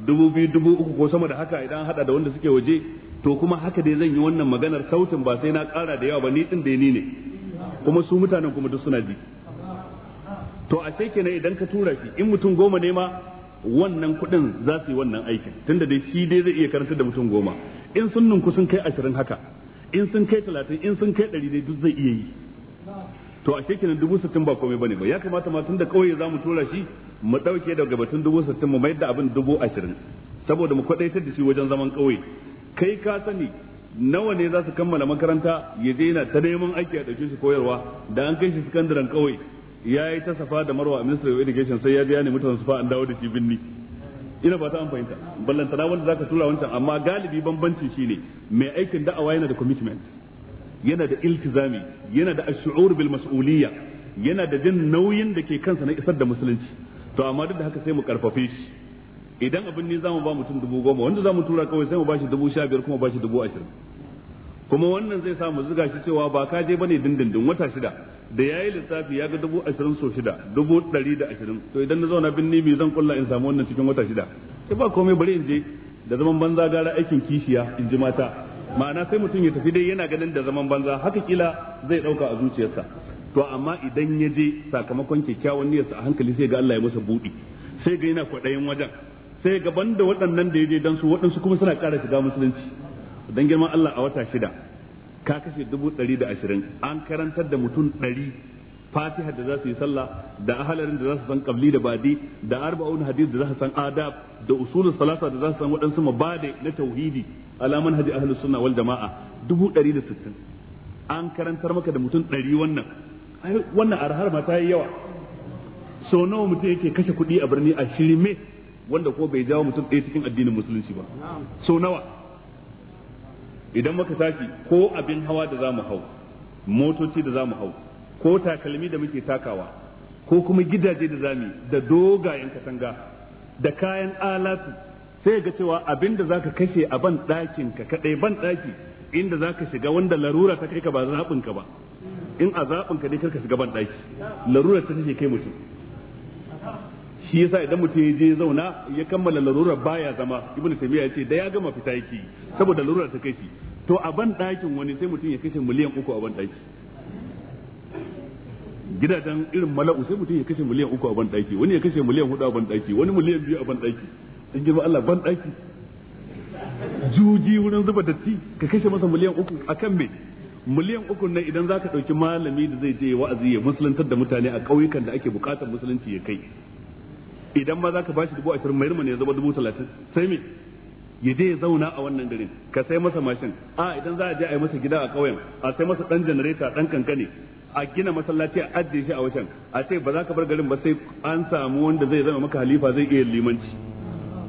dubu biyu dubu uku ko sama da haka idan hada da wanda suke waje to kuma haka dai zan yi wannan maganar sautin ba sai na kara da yawa ba ni din da ni ne kuma su mutanen kuma duk suna ji to a sai kenan idan ka tura shi in mutum goma ne ma wannan kuɗin za su yi wannan aikin tunda dai shi dai zai iya karantar da mutum goma in sun nunku sun kai ashirin haka in sun kai talatin in sun kai ɗari dai duk zai iya yi to a shekinan dubu sittin ba komai bane ba ya kamata ma tun da kauye za mu tura shi mu ɗauke daga batun dubu sittin mu mayar da abin dubu ashirin saboda mu kwaɗaitar da shi wajen zaman kauye kai ka sani nawa ne za su kammala makaranta ya je yana ta neman aiki a ɗauke shi koyarwa da an kai shi sakandaren kauye ya yi ta safa da marwa a ministry of education sai ya biya ne mutane su fa an dawo da shi binni ina ta an fahimta ballantana wanda zaka tura wancan amma galibi bambanci shine mai aikin da'awa yana da commitment yana da iltizami yana da ash'ur bil mas'uliyya yana da jin nauyin da ke kansa na isar da musulunci to amma duk da haka sai mu karfafe shi idan abin ne zamu ba mutum dubu goma wanda zamu tura kawai sai mu bashi dubu sha biyar kuma bashi dubu ashirin kuma wannan zai sa mu zuga shi cewa ba ka je bane dindindin wata shida da yayi lissafi ya ga dubu ashirin so shida dubu ɗari da ashirin to idan na zauna binni mai zan kulla in samu wannan cikin wata shida sai ba komai bari in je da zaman banza gara aikin kishiya in ji mata ma'ana sai mutum ya tafi dai yana ganin da zaman banza haka kila zai dauka a zuciyarsa to amma idan ya je sakamakon kyakkyawan niyyarsa a hankali sai ga Allah ya masa buɗi sai ga yana kwaɗayin wajen sai ga banda waɗannan da ya je dan su waɗansu kuma suna ƙara shiga musulunci dan girman Allah a wata shida ka kashe dubu ɗari da ashirin an karantar da mutum ɗari fatiha da za su yi sallah da ahalarin da za su san qabli da badi da arba'un hadith da za su san adab da usulul salasa da za su san waɗansu mabade na tauhidi ala manhaji ahlus sunna wal jama'a 160 an karantar maka da mutum 100 wannan wannan arhar ma ta yi yawa so nawa mutum yake kashe kuɗi a birni a shirme wanda ko bai jawo mutum ɗaya cikin addinin musulunci ba so nawa idan muka tashi ko abin hawa da za mu hau motoci da za mu hau ko takalmi da muke takawa ko kuma gidaje da zami da dogayen katanga da kayan alatu sai ga cewa abinda za zaka kashe a ban ɗakin ka kadai ban ɗaki inda zaka shiga wanda larura ta kai ka ba zaɓin ka ba in a zaɓin ka ne karka shiga ban ɗaki larura ta take kai mutum shi yasa idan mutum ya je zauna ya kammala larura baya zama ibn taymiya ya ce da ya gama fita yake saboda larura ta kai shi to a ban ɗakin wani sai mutum ya kashe miliyan uku a ban ɗaki gidajen irin mala'u sai mutum ya kashe miliyan uku a ban daki wani ya kashe miliyan hudu a ban daki wani miliyan biyu a ban daki dan girma Allah ban daki juji wurin zuba datti ka kashe masa miliyan uku a kan me miliyan uku na idan zaka dauki malami da zai je wa'azi ya musulantar da mutane a ƙauyukan da ake bukatar musulunci ya kai idan ma zaka bashi dubu ashirin mai ne ya zuba dubu talatin sai me ya je ya zauna a wannan garin ka sai masa mashin a idan za a je a yi masa gida a ƙauyen a sai masa dan janareta dan kankane a gina masallaci a ajiye shi a wajen a ce ba za ka bar garin ba sai an samu wanda zai zama maka halifa zai iya limanci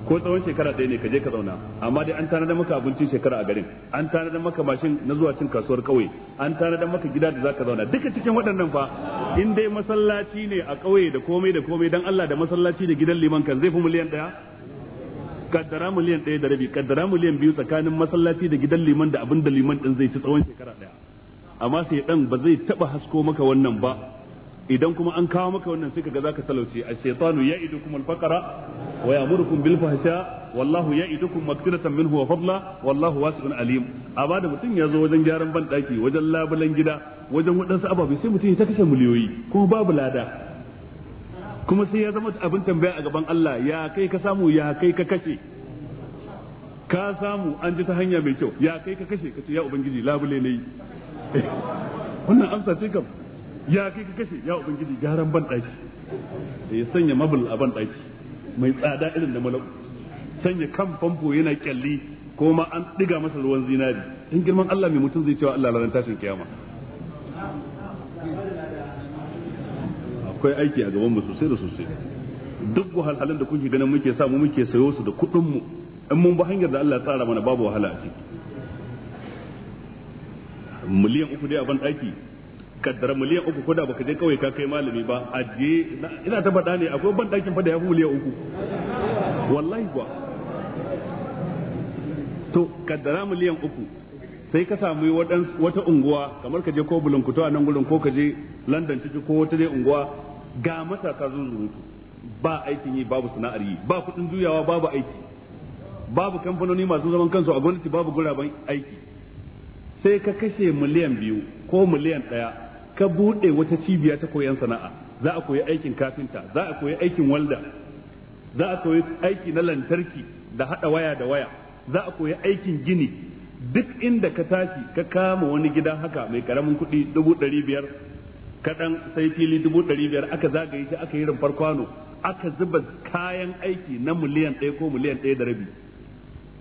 ko tsawon shekara ɗaya ne ka je ka zauna amma dai an tanadar maka abinci shekara a garin an tanadar maka mashin na zuwa cin kasuwar kauye an tanadar maka gida da za ka zauna duka cikin waɗannan fa in dai masallaci ne a kauye da komai da komai dan Allah da masallaci da gidan liman kan zai fi miliyan ɗaya kaddara miliyan ɗaya da rabi kaddara miliyan biyu tsakanin masallaci da gidan liman da abin da liman ɗin zai ci tsawon shekara ɗaya amma sai dan ba zai taba hasko maka wannan ba idan kuma an kawo maka wannan sai kaga zaka talauce ash-shaytanu ya'idukum al-faqra wa ya'murukum bil fahsha wallahu ya'idukum maghfiratan minhu wa fadla wallahu wasi'un alim amma da mutum ya zo wajen gyaran ban daki wajen labulan gida wajen wadansu ababe sai mutum ya ta kashe miliyoyi kuma babu lada kuma sai ya zama abin tambaya a gaban Allah ya kai ka samu ya kai ka kashe ka samu an ji ta hanya mai kyau ya kai ka kashe ka ya ubangiji labule ne Eh, wannan amsa ce kam ya kai ka kashe ya ubangiji garan ban daki da eh, ya sanya mabul a ban daki mai tsada irin da malaku sanya kan famfo yana kyalli ko ma an diga masa ruwan zinari in girman Allah mai mutum zai cewa Allah ranar tashin kiyama akwai aiki a gaban mu sosai da sosai duk wahalhalun da kuke ganin muke samu muke sayo su da kuɗin mu in mun ba hanyar da Allah ya tsara mana babu wahala a ciki miliyan uku dai a ban daki kaddara miliyan uku ko da baka je kawai ka kai malami ba a je ina ta faɗa ne akwai ban dakin fa da ya fi miliyan uku wallahi kuwa to kaddara miliyan uku sai ka samu wata unguwa kamar ka je ko bulunkuto a nan gurin ko ka je london ciki ko wata dai unguwa ga matasa zunzurutu ba aikin yi babu sana'ar yi ba kudin juyawa babu aiki babu kamfanoni masu zaman kansu a gwamnati babu guraben aiki sai ka kashe miliyan biyu ko miliyan ɗaya ka buɗe wata cibiya ta koyon sana'a za a koyi aikin kafinta za a koyi aikin walda za a koyi aiki na lantarki da haɗa waya da waya za a koyi aikin gini duk inda ka tashi ka kama wani gida haka mai karamin kuɗi dubu ɗari biyar kaɗan sai fili dubu ɗari biyar aka zagaye shi aka yi rumfar kwano aka zuba kayan aiki na miliyan ɗaya ko miliyan ɗaya da rabi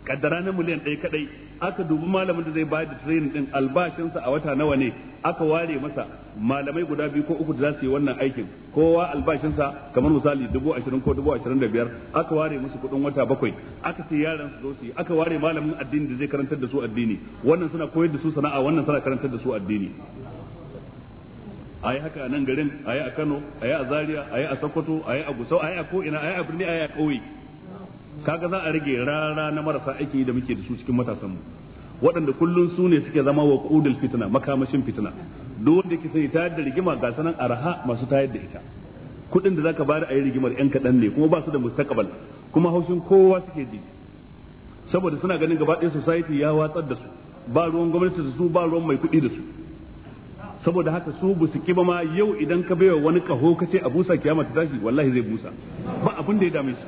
kaddara na miliyan ɗaya kaɗai aka dubi malamin da zai bayar da training din albashinsa a wata nawa ne aka ware masa malamai guda biyu ko uku da za su yi wannan aikin kowa albashinsa kamar misali dubu ashirin ko dubu ashirin da biyar aka ware musu kuɗin wata bakwai aka ce yaran su zo su yi aka ware malamin addini da zai karantar da su addini wannan suna koyar da su sana'a wannan suna karantar da su addini a haka a nan garin a a kano a a zaria a a sokoto a a gusau a a ko'ina a yi a birni a a ƙauye kaga za a rage rara na marasa aiki da muke da su cikin matasan mu waɗanda kullun su ne suke zama wa qudul fitna makamashin fitna duk wanda yake sai tayar da rigima ga sanan arha masu tayar da ita kuɗin da zaka bada ayi rigimar yan kadan ne kuma ba su da mustaqbal kuma haushin kowa suke ji saboda suna ganin gaba ɗaya society ya watsar da su ba ruwan gwamnati da su ba ruwan mai kuɗi da su saboda haka su bu su kiba ma yau idan ka baiwa wani kaho ka ce a busa kiyama ta tashi wallahi zai busa ba abin da ya dame shi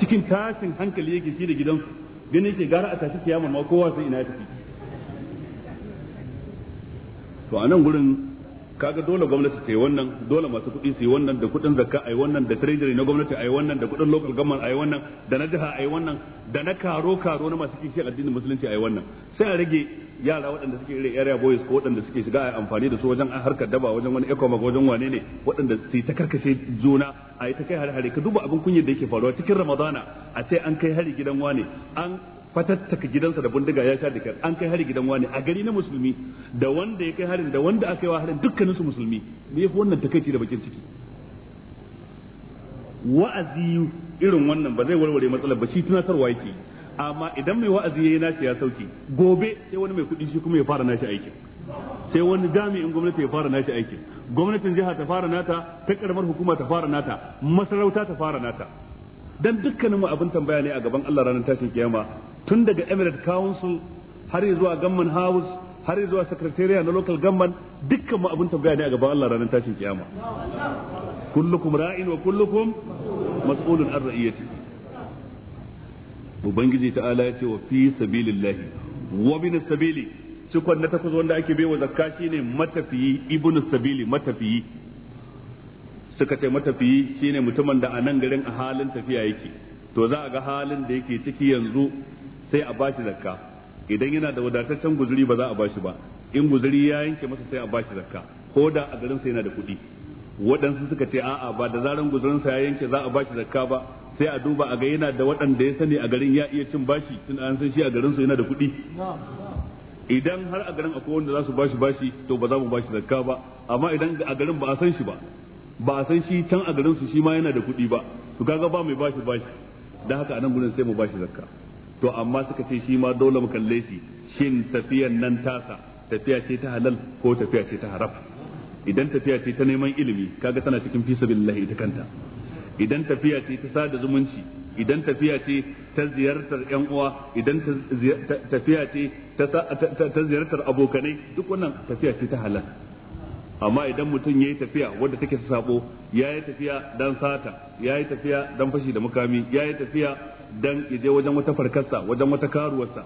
cikin tashin hankali yake shi da gidansu gani yake gara a tashi kiyamar ma kowa sai ina ya tafi to a nan gurin kaga dole gwamnati ta yi wannan dole masu kuɗi su yi wannan da kuɗin zakka a yi wannan da treasury na gwamnati a yi wannan da kuɗin local government a yi wannan da na jiha a yi wannan da na karo karo na masu kishin addinin musulunci a yi wannan sai a rage yara waɗanda suke irin area boys ko waɗanda suke shiga a amfani da su wajen harkar daba wajen wani ecomac wajen wane ne waɗanda su ta karkashe juna a yi ta kai hare-hare ka duba abin kunyar da yake faruwa cikin ramadana a ce an kai hari gidan wane an fatattaka gidansa da bindiga ya sha da an kai hari gidan wani a gari na musulmi da wanda ya kai harin da wanda aka yi wa harin dukkanin su musulmi me yafi wannan takaici da bakin ciki wa'azi irin wannan ba zai warware matsalar ba shi tunatarwa yake amma idan mai wa'azi yayi nashi ya sauki gobe sai wani mai kuɗi shi kuma ya fara nashi aikin sai wani jami'in gwamnati ya fara nashi aikin gwamnatin jiha ta fara nata ta karamar hukuma ta fara nata masarauta ta fara nata dan dukkanin mu abin tambaya ne a gaban Allah ranar tashin kiyama tun daga emirate council har zuwa gamman house har zuwa secretariat na local gamman dukkan mu abin tambaya ne a gaban Allah ranar tashin kiyama kullukum ra'in wa kullukum mas'ulun an ra'iyati ubangiji ta'ala ya ce wa fi sabilillahi wa bin sabili cikon na takwas wanda ake baiwa zakka shine matafiyi ibnu sabili matafiyi suka ce matafiyi shine mutumin da a nan garin a halin tafiya yake to za a ga halin da yake ciki yanzu sai a bashi zakka idan yana da wadataccen guzuri ba za a bashi ba in guzuri ya yanke masa sai a bashi zakka ko da a garin sai yana da kuɗi waɗansu suka ce a'a ba da zaran sa ya yanke za a bashi zakka ba sai a duba a ga yana da waɗanda ya sani a garin ya iya cin bashi tun an san shi a garin su yana da kuɗi idan har a garin akwai wanda za su bashi bashi to ba za mu bashi zakka ba amma idan a garin ba a san shi ba ba a san shi can a garin su shi ma yana da kuɗi ba to kaga ba mai bashi bashi dan haka anan gurin sai mu bashi zakka to amma suka ce shi ma dole mu kalle shi shin tafiyan nan tasa tafiya ce ta halal ko tafiya ce ta haram idan tafiya ce ta neman ilimi kaga tana cikin fi sabilillahi ita kanta idan tafiya ce ta sada zumunci idan tafiya ce ta ziyartar yan uwa idan tafiya ce ta ziyartar abokanai duk wannan tafiya ce ta halal amma idan mutum ya yi tafiya wadda take ta sabo ya yi tafiya dan sata ya yi tafiya dan fashi da mukami ya yi tafiya dan ije wajen wata farkarsa wajen wata karuwarsa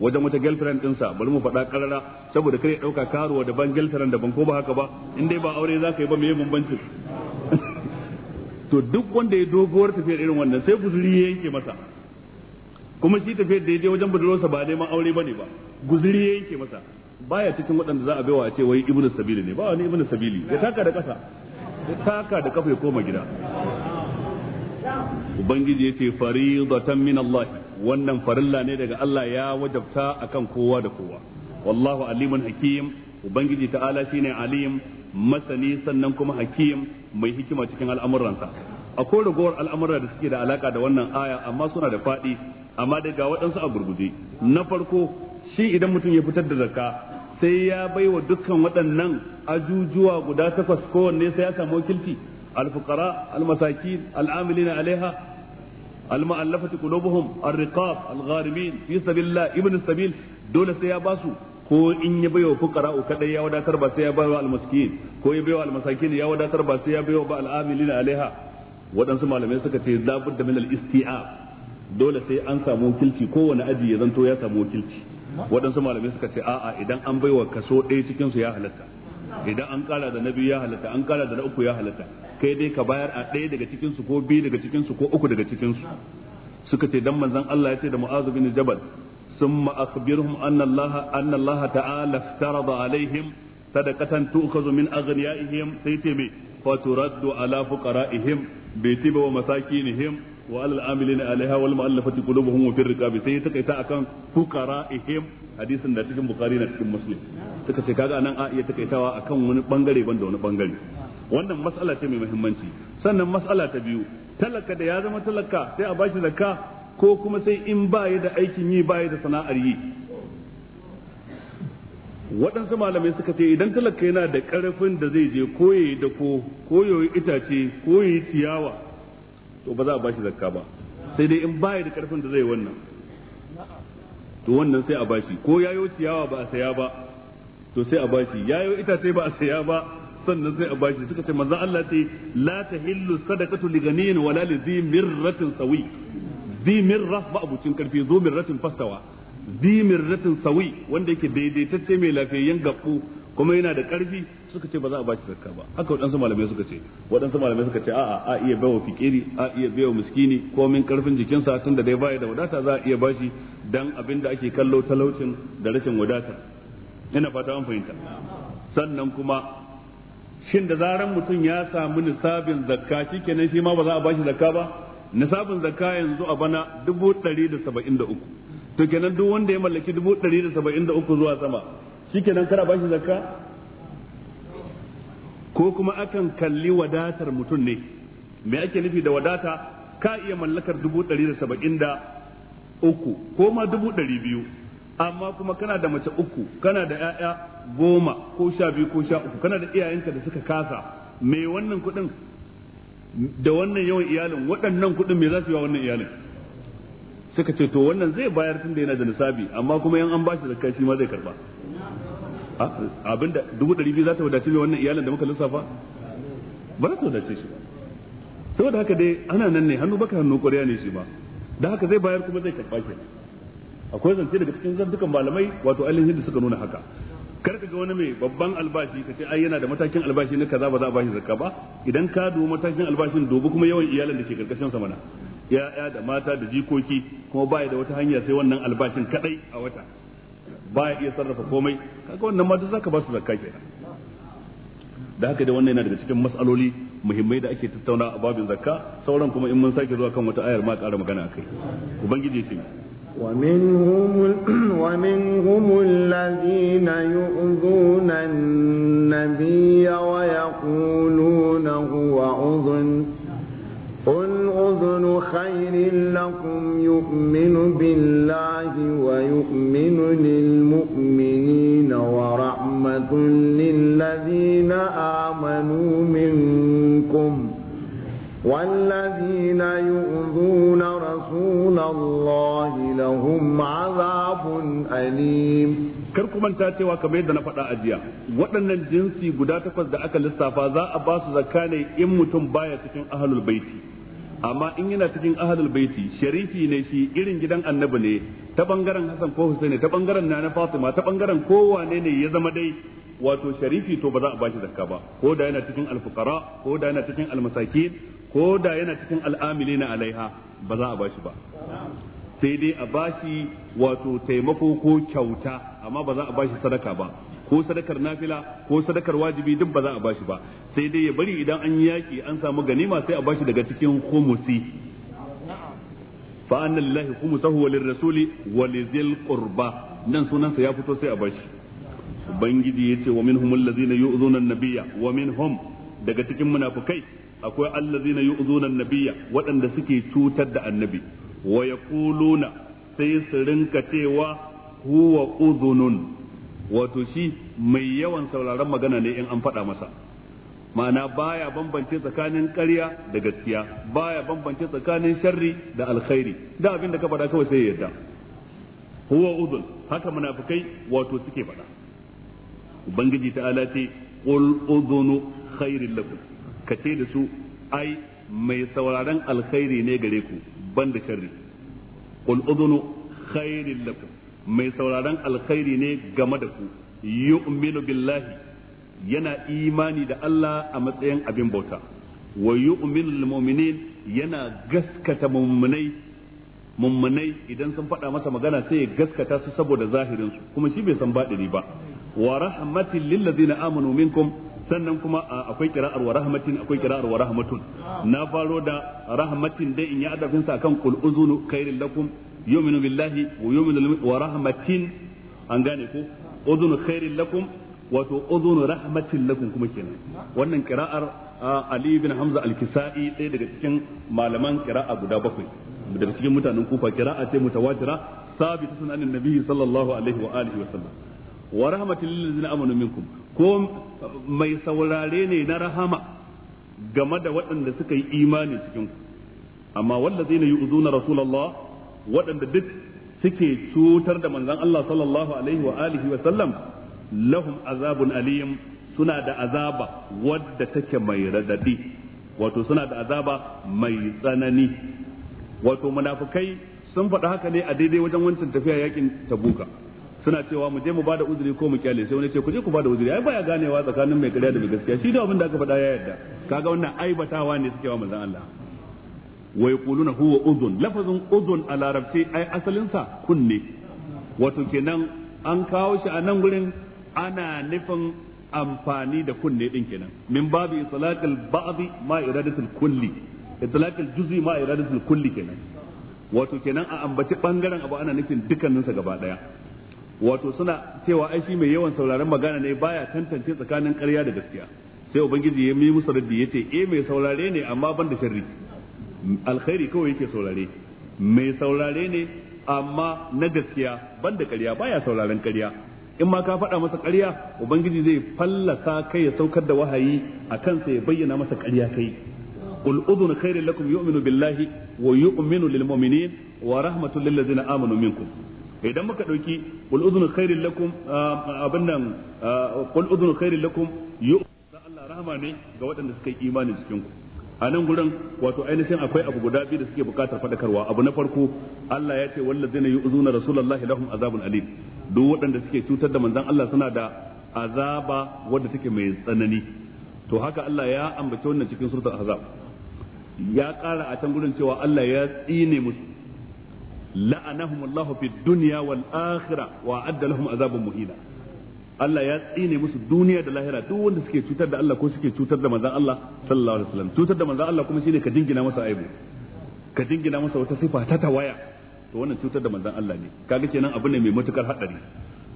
wajen wata girlfriend dinsa bari mu faɗa karara saboda kare ɗauka karuwa daban girlfriend daban ko ba haka ba in dai ba aure za ka yi ba me bambancin to duk wanda ya doguwar tafiyar irin wannan sai guzuri ya yanke masa kuma shi tafiyar da ya je wajen budurwarsa ba neman aure ba ne ba guzuri ya yanke masa baya cikin waɗanda za a baiwa a ce wai ibnu sabili ne ba wani ibnu sabili ya taka da ƙasa ya taka da kafa ya koma gida ubangiji ya ce faridatan min Allah wannan farilla ne daga Allah ya wajabta akan kowa da kowa wallahu alimun hakim ubangiji ta'ala shine alim masani sannan kuma hakim mai hikima cikin al'amuransa akwai ragowar al'amura da suke da alaka da wannan aya amma suna da faɗi amma daga waɗansu a gurguje na farko shi idan mutum ya fitar da zakka sai ya baiwa dukkan waɗannan ajujuwa guda takwas kowanne sai ya samu wakilci al almasakin al-masakin al-amilina alaiha al-mu'allafati qulubuhum ar-riqab al-gharimin fi sabilillah ibn sabil dole sai ya basu ko in ya baiwa fuqara kadai ya wadatar ba sai ya baiwa al-maskin ko ya baiwa al-masakin ya wadatar ba sai ya baiwa ba al-amilina alaiha waɗansu malamai suka ce labudda min al-isti'a dole sai an samu wakilci kowane aji ya zanto ya samu wakilci waɗansu malamai suka ce a'a idan an baiwa kaso ɗaya cikin su ya halatta idan an kara da na biyu ya halatta an kara da na uku ya halatta kai dai ka bayar a ɗaya daga cikin su ko biyu daga cikin su ko uku daga cikin su suka ce dan manzon Allah ya ce da Mu'adh bin Jabal summa akhbirhum anna Allah anna Allah ta'ala iftarada alaihim sadaqatan tu'khadhu min aghniyaihim sai ce me fa turaddu ala fuqaraihim bi tiba wa masakinihim wa alal amilina alaiha wal mu'allafati qulubuhum wa fir riqabi sai ta kaita akan fukara ihim hadisin da cikin bukhari na cikin muslim suka ce kaga nan a iya takaitawa akan wani bangare ban da wani bangare wannan mas'ala ce mai muhimmanci sannan mas'ala ta biyu talaka da ya zama talaka sai a bashi zakka ko kuma sai in ya da aikin yi ya da sana'ar yi waɗansu malamai suka ce idan talaka yana da ƙarfin da zai je koye da ko koyoyi itace koyoyi ciyawa to ba za a bashi zakka ba sai dai in baya da karfin da zai wannan to wannan sai a bashi ko yayo ciyawa ba a saya ba to sai a bashi yayo sai ba a saya ba sannan sai a bashi suka ce manzo Allah ce la tahillu sadaqatu li ganiyin wala li dhi mirratin sawi dhi mirra ba abucin karfi zo mirratin fastawa dhi mirratin sawi wanda yake daidaitacce mai lafiyayyen gabu kuma yana da karfi suka ce ba za a bashi zakka ba haka waɗansu malamai suka ce waɗansu malamai suka ce a'a a iya baiwa fikiri a iya baiwa miskini min karfin jikinsa da dai baya da wadata za a iya bashi dan abin da ake kallo talaucin da rashin wadata ina fata an fahimta sannan kuma shin da zaran mutum ya samu nisabin zakka shikenan shi ma ba za a bashi zakka ba nisabin zakka yanzu a bana dubu ɗari da saba'in da uku to kenan duk wanda ya mallaki dubu ɗari da saba'in da uku zuwa sama shikenan kana bashi zakka ko kuma akan kalli wadatar mutum ne me ake nufi da wadata ka iya mallakar dubu ɗari da saba'in da uku ko ma dubu ɗari biyu amma kuma kana da mace uku kana da 'ya'ya goma ko sha biyu ko sha uku kana da iyayenka da suka kasa me wannan kuɗin da wannan yawan iyalin waɗannan kuɗin me za su yi wa wannan iyalin suka ce to wannan zai bayar tun da yana da nisabi amma kuma yan an bashi zakka shi ma zai karba abinda dubu ɗari biyu za ta wadace mai wannan iyalin da muka lissafa ba za ta wadace shi ba saboda haka dai ana nan ne hannu baka hannu ƙwarya ne shi ba da haka zai bayar kuma zai karɓa ke akwai zance daga cikin dukkan malamai wato ainihin da suka nuna haka kar ka ga wani mai babban albashi ka ce ai yana da matakin albashi na kaza ba za a bashi zakka ba idan ka dubi matakin albashin dubu kuma yawan iyalan da ke karkashin sa mana ya'ya da mata da jikoki kuma ba da wata hanya sai wannan albashin kadai a wata Ba baya iya sarrafa komai kaga wannan ma duk zaka ba su zakka kenan da haka da wannan yana daga cikin masaloli muhimmai da ake tattauna a babin zakka sauran kuma in mun sake zuwa kan wata ayar ma ƙara magana akai ubangiji ce ومنهم ومنهم الذين يؤذون النبي ويقولون هو أذن قل أذن خير لكم يؤمن بالله ويؤمن لله لِّلْمُؤْمِنِينَ وَرَحْمَةٌ لِّلَّذِينَ آمَنُوا مِنكُمْ ۚ وَالَّذِينَ يُؤْذُونَ رَسُولَ اللَّهِ لَهُمْ عَذَابٌ أَلِيمٌ kar ku manta cewa kamar yadda na faɗa a jiya waɗannan jinsi guda takwas da aka lissafa za a ba su zakka ne in mutum baya cikin ahlul baiti amma in yana cikin ahlul baiti sharifi ne shi irin gidan annabi ne ta bangaren Hassan ko ne ta bangaren Nana Fatima ta bangaren kowane ne ya zama dai wato sharifi to ba za a bashi zakka ba ko da yana cikin alfuqara ko da yana cikin almasakin ko da yana cikin al'amilina alaiha ba za a bashi ba sai dai a bashi wato taimako ko kyauta amma ba za a bashi sadaka ba ko sadakar nafila ko sadakar wajibi duk ba za a bashi ba sai dai ya bari idan an yaki an samu ganima sai a bashi daga cikin khumusi fa anna lillahi khumusahu wa lirrasuli wa lizil qurba nan sunansa ya fito sai a bashi ubangiji yace wa minhum allazina yu'zuna an-nabiyya wa minhum daga cikin munafikai akwai allazina yu'zuna an-nabiyya waɗanda suke cutar da annabi wa yaquluna sai su rinka cewa huwa udhunun wato shi mai yawan sauraron magana ne in an faɗa masa ma'ana baya bambance tsakanin ƙarya da gaskiya baya bambance tsakanin sharri da alkhairi da abin da ka faɗa kawai sai ya yarda huwa udul haka munafikai wato suke faɗa ubangiji ta'ala ce qul udhunu khairil lakum kace da su ai mai sauraron alkhairi ne gare ku banda sharri qul udhunu khairil lakum mai sauraron alkhairi ne game da ku yu'minu billahi yana imani da Allah a matsayin abin bauta wa yu'minu lil mu'minin yana gaskata mummunai mummunai idan sun faɗa masa magana sai ya gaskata su saboda zahirin su kuma shi bai san baɗiri ba wa rahmatin lil ladina amanu minkum sannan kuma akwai kira'ar wa rahmatin akwai kira'ar wa rahmatun na faro da rahmatin dai in ya adafin sa kan kul uzunu khairil lakum yu'minu billahi wa yu'minu wa rahmatin an gane ko uzunu khairil lakum wato uzunu rahmatin lakum kuma kenan wannan kira'ar Ali ibn Hamza al-Kisa'i ɗaya daga cikin malaman kira'a guda bakwai daga cikin mutanen kufa kira'a ce mutawatira sabitatun anin nabiyyi sallallahu alaihi wa alihi wa sallam wa rahmatin lil ladzina amanu minkum ko mai saurare ne na rahama game da waɗanda suka yi imani cikin ku amma wallazi ne yu'zuna rasulallah waɗanda duk suke cutar da manzon Allah sallallahu alaihi wa alihi wa sallam lahum azabun alim suna da azaba wadda take mai radadi wato suna da azaba mai tsanani wato munafukai sun faɗi haka ne a daidai wajen wancan tafiya yakin tabuka suna cewa mu je mu bada uzuri ko mu kyale sai wani ce ku je ku bada uzuri ai baya ganewa tsakanin mai karya da mai gaskiya shi da abin da aka faɗa ya yarda kaga wannan aibatawa ne suke wa manzon Allah wa yaquluna huwa udhun lafazin udhun a larabci ai asalin sa kunne wato kenan an kawo shi a nan gurin ana nufin amfani da kunne din kenan min babu itlaqal ba'd ma iradatul kulli itlaqal juz'i ma iradatul kulli kenan wato kenan a ambaci bangaren abu ana nufin dukkaninsa gaba daya wato suna cewa ai shi mai yawan sauraron magana ne baya tantance tsakanin ƙarya da gaskiya sai ubangiji ya yi musu raddi yace eh mai saurare ne amma ban da sharri alkhairi kawai yake saurare mai saurare ne amma na gaskiya ban da ƙarya baya sauraron ƙarya in ma ka faɗa masa ƙarya ubangiji zai fallasa kai ya saukar da wahayi a kansa ya bayyana masa ƙarya kai قل أذن خير لكم يؤمن بالله ويؤمن للمؤمنين ورحمة للذين آمنوا منكم idan muka dauki qul udhunu khairil lakum ah, abin nan ah, qul udhunu khairil lakum yu Allah rahama ne ga waɗanda suka yi imani cikin ku a nan gurin wato ainihin akwai abu guda biyu da suke bukatar fadakarwa abu na farko Allah ya ce wallazina yu'zuna rasulullahi lahum azabun alim duk waɗanda suke cutar da manzon Allah suna da azaba wadda take mai tsanani to haka Allah ya ambaci wannan cikin suratul ahzab ya ƙara a can gurin cewa Allah ya tsine musu la'anahum Allah fi dunya wal akhirah wa adda lahum azaban muhina Allah ya tsine musu duniya da lahira duk wanda suke cutar da Allah ko suke cutar da manzon Allah sallallahu alaihi wasallam cutar da manzon Allah kuma shine ka dingina masa aibu ka dingina masa wata sifa ta tawaya to wannan cutar da manzon Allah ne kaga kenan abu ne mai matukar hadari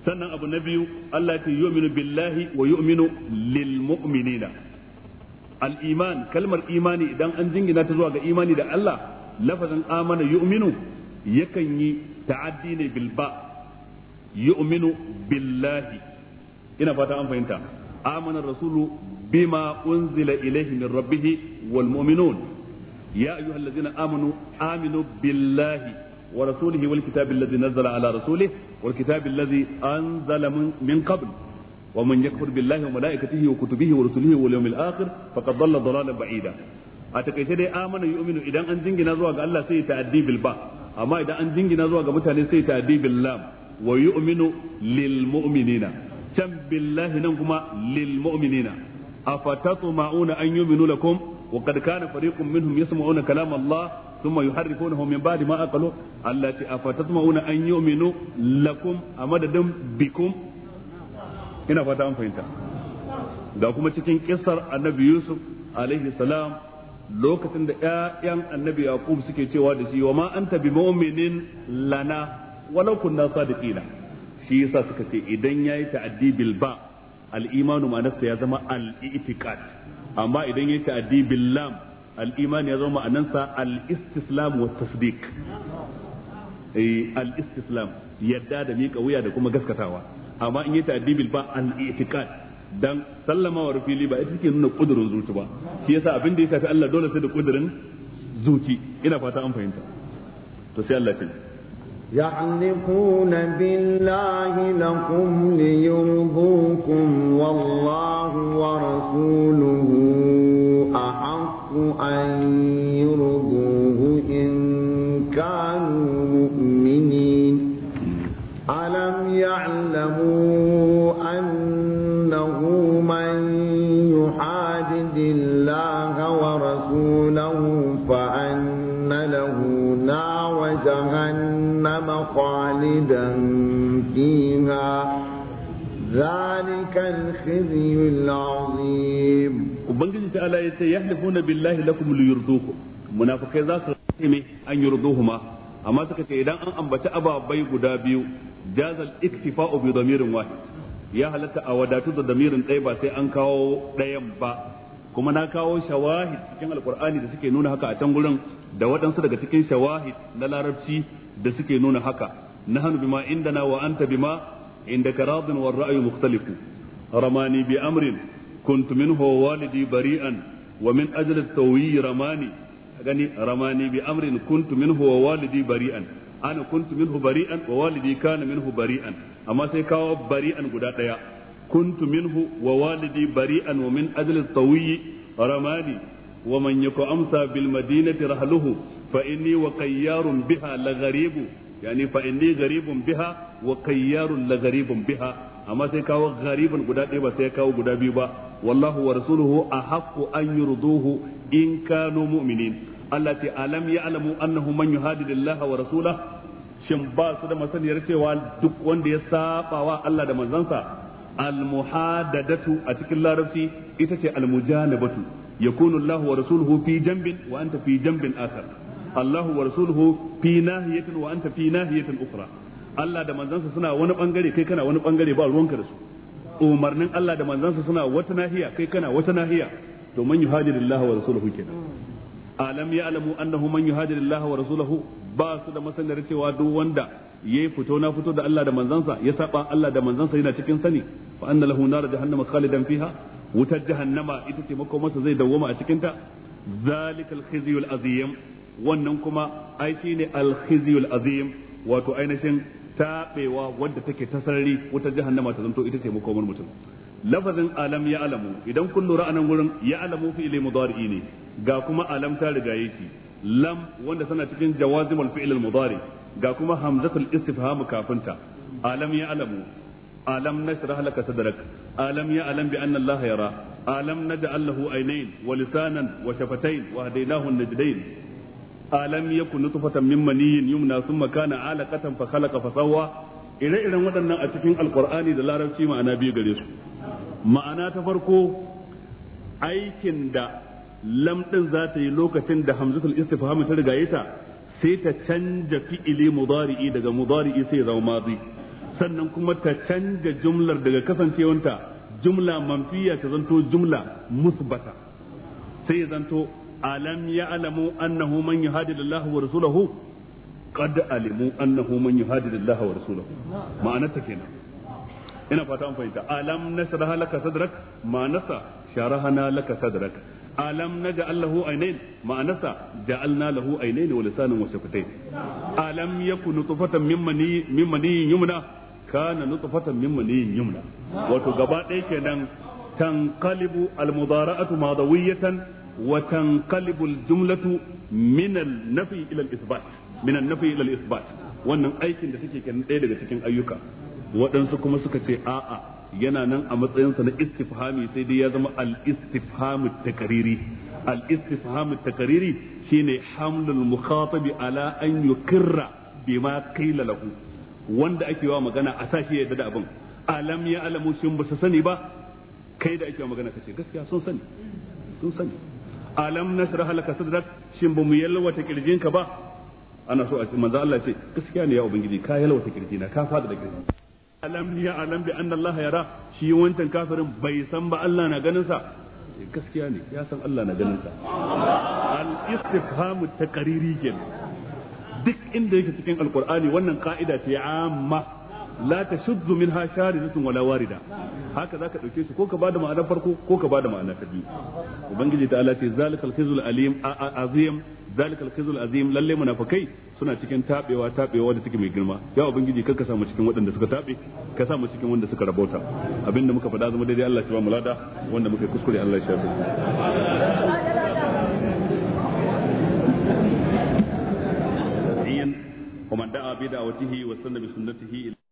sannan abu na biyu Allah ya ce yu'minu billahi wa yu'minu lil mu'minina al iman kalmar imani idan an jingina ta zuwa ga imani da Allah lafazin amana yu'minu yakan yi ta'addi ne bilba yu'minu billahi ina fata an fahimta amana rasulu bima unzila ilaihi min rabbih wal mu'minun ya ayyuha allazina amanu aminu billahi wa rasulihi wal kitabi allazi nazzala ala rasulihi wal kitabi allazi anzala min qabl ومن يكفر بالله وملائكته وكتبه ورسله واليوم الاخر فقد ضل ضلالا بعيدا اتكيت امن يؤمن اذا ان دينا زوا الله سي تادي بالباء amma idan an jingina zuwa ga mutane sai ta di billam wa yu'minu lil mu'minina can billahi nan kuma lil mu'minina ma'una an yu'minu lakum wa qad kana fariqun minhum yasma'una kalam Allah thumma yuharrifunahu min ba'di ma aqalu allati ma'una an yu'minu lakum amadadun bikum ina fata an fahimta ga kuma cikin kissar annabi Yusuf alaihi salam lokacin da ƴaƴan annabi yaqub suke cewa da shi wa ma anta bi mu'minin lana walau kunna sadiqina shi yasa suka ce idan yayi ta'addi bil ba al imanu ma'anarsa ya zama al i'tiqad amma idan yayi ta'addi bil lam al iman ya zama ma'anarsa al istislam wa tasdiq eh, al istislam yadda da mika wuya da kuma gaskatawa amma in yayi ta'addi bil ba al i'tiqad dan sallama wa fili ba ita take nuna kudurin zuci ba shi yasa abin da ya shafi Allah dole sai da kudurin zuci ina fata an fahimta to sai Allah ya يحلفون بالله لكم ليرضوكم والله ورسوله أحق أن الخزي العظيم وبنجي تعالى يحلفون بالله لكم ليرضوكم منافقين ذات أن يرضوهما amma suka ce idan an ambaci ababai guda biyu jazal iktifa'u bi damirin wahid ya halatta a wadatu da damirin ɗaya ba sai an kawo ɗayan ba kuma na kawo shawahid cikin alkur'ani da suke nuna haka a can gurin da waɗansu daga cikin shawahid na larabci da suke nuna haka nahnu bima na wa anta bima indaka radin wa ra'ayu mukhtalifu رماني بأمر كنت منه والدي بريئا ومن أجل التوي رماني يعني رماني بأمر كنت منه ووالدي بريئا أنا كنت منه بريئا ووالدي كان منه بريئا أما سيكاو بريئا قد كنت منه ووالدي بريئا ومن أجل الطوي رماني ومن يكو أمسى بالمدينة رهله فإني وقيار بها لغريب yani fa inni garibun biha wa qayyarun la garibun biha amma sai kawo gariban guda ɗaya ba sai kawo guda biyu ba wallahu wa rasuluhu ahaqqu an yurduhu in kanu mu'minin allati alam ya'lamu annahu man yuhadidillaha wa rasulahu shin ba su da masaniyar cewa duk wanda ya saba wa Allah da manzansa almuhadadatu a cikin larabci ita ce almujanabatu yakunu Allahu wa rasuluhu fi jambin wa anta fi jambin akhar Allahu wa rasuluhu fi nahiyatin wa anta fi nahiyatin ukhra Allah da manzansa suna wani bangare kai kana wani bangare ba ruwanka da su umarnin Allah da manzansa suna wata nahiya kai kana wata nahiya to man yuhadirillahu wa rasuluhu kenan alam ya'lamu annahu man yuhadirillahu wa rasuluhu ba su da masanar cewa duk wanda yayi fito na fito da Allah da manzansa ya saba Allah da manzansa yana cikin sani fa anna lahu nar jahannama khalidan fiha wutar jahannama ita ce makomarsa zai dawwama a cikin ta zalikal khizyul azim wannan kuma ai ne al-khizyul azim wato ainihin taɓewa wadda take ta sarari wutar jahannama ta zanto ita ce makomar mutum lafazin alam ya alamu idan kun lura anan gurin ya alamu fi ilai mudari ne ga kuma alam ta riga shi lam wanda tana cikin jawazimul fi'l mudari ga kuma hamzatul istifham kafinta alam ya alamu alam nashrah laka sadrak alam ya alam bi anna allaha yara alam naj'al lahu aynayn wa lisanan wa shafatayn wa hadaynahu najdayn alam yakun nutfatan min maniyin yumna thumma kana alaqatan fa khalaqa fa sawwa ire-iren waɗannan a cikin alkur'ani da larabci ma'ana biyu gare su ma'ana ta farko aikin da lamɗin za ta yi lokacin da hamzatul istifham ta riga ta sai ta canja fi'ili mudari'i daga mudari'i sai zama madi sannan kuma ta canja jumlar daga kasancewanta jumla manfiya ta zanto jumla musbata sai zanto alam ya alamu annahu man yuhadidillahi wa rasulahu qad alimu annahu man yuhadidillahi wa rasulahu ma'anarta kenan ina fata an fahimta alam nasraha laka sadrak ma'anarsa sharahana laka sadrak alam naj'al lahu aynayn ma'anarsa ja'alna lahu aynayn wa lisanan wa shafatayn alam yakun nutfatan min mani min mani yumna kana nutfatan min mani yumna wato gaba ɗaya kenan tanqalibu almudara'atu madawiyatan wa tanqalibu al-jumlatu min al-nafi ila al-isbat min al-nafi ila isbat wannan aikin da take kan ɗaya daga cikin ayyuka waɗansu kuma suka ce a'a yana nan a matsayinsa na istifhami sai dai ya zama al-istifhamu takariri al-istifhamu takariri shine hamlul mukhatabi ala an yukirra bima qila lahu wanda ake wa magana a sashi ya da abin alam ya alamu shin ba su sani ba kai da ake wa magana kace gaskiya sun sani sun sani alam nasrah laka sadrak shin bamu yalwata kirjinka ba ana so a ce manzo Allah ce gaskiya ne ya ubangiji ka yalwata kirjina ka fada da kirji alam ya alam bi anna Allah yara shi wancan kafirin bai san ba Allah na ganin sa gaskiya ne ya san Allah na ganin sa al istifhamu taqriri kenan duk inda yake cikin alqur'ani wannan ka'ida ce amma la min ha sharidatun wala warida haka zaka dauke shi ko ka bada ma'anar farko ko ka bada ma'anar ta biyu ubangiji ta Allah ce zalikal khizul alim azim zalikal khizul azim lalle munafikai suna cikin tabewa tabewa da take mai girma ya ubangiji kar ka samu cikin waɗanda suka tabe ka samu cikin wanda suka rabauta abinda muka faɗa zama daidai Allah shi ba mulada lada wanda muka kuskure Allah shi ya ومن دعا بدعوته وسن بسنته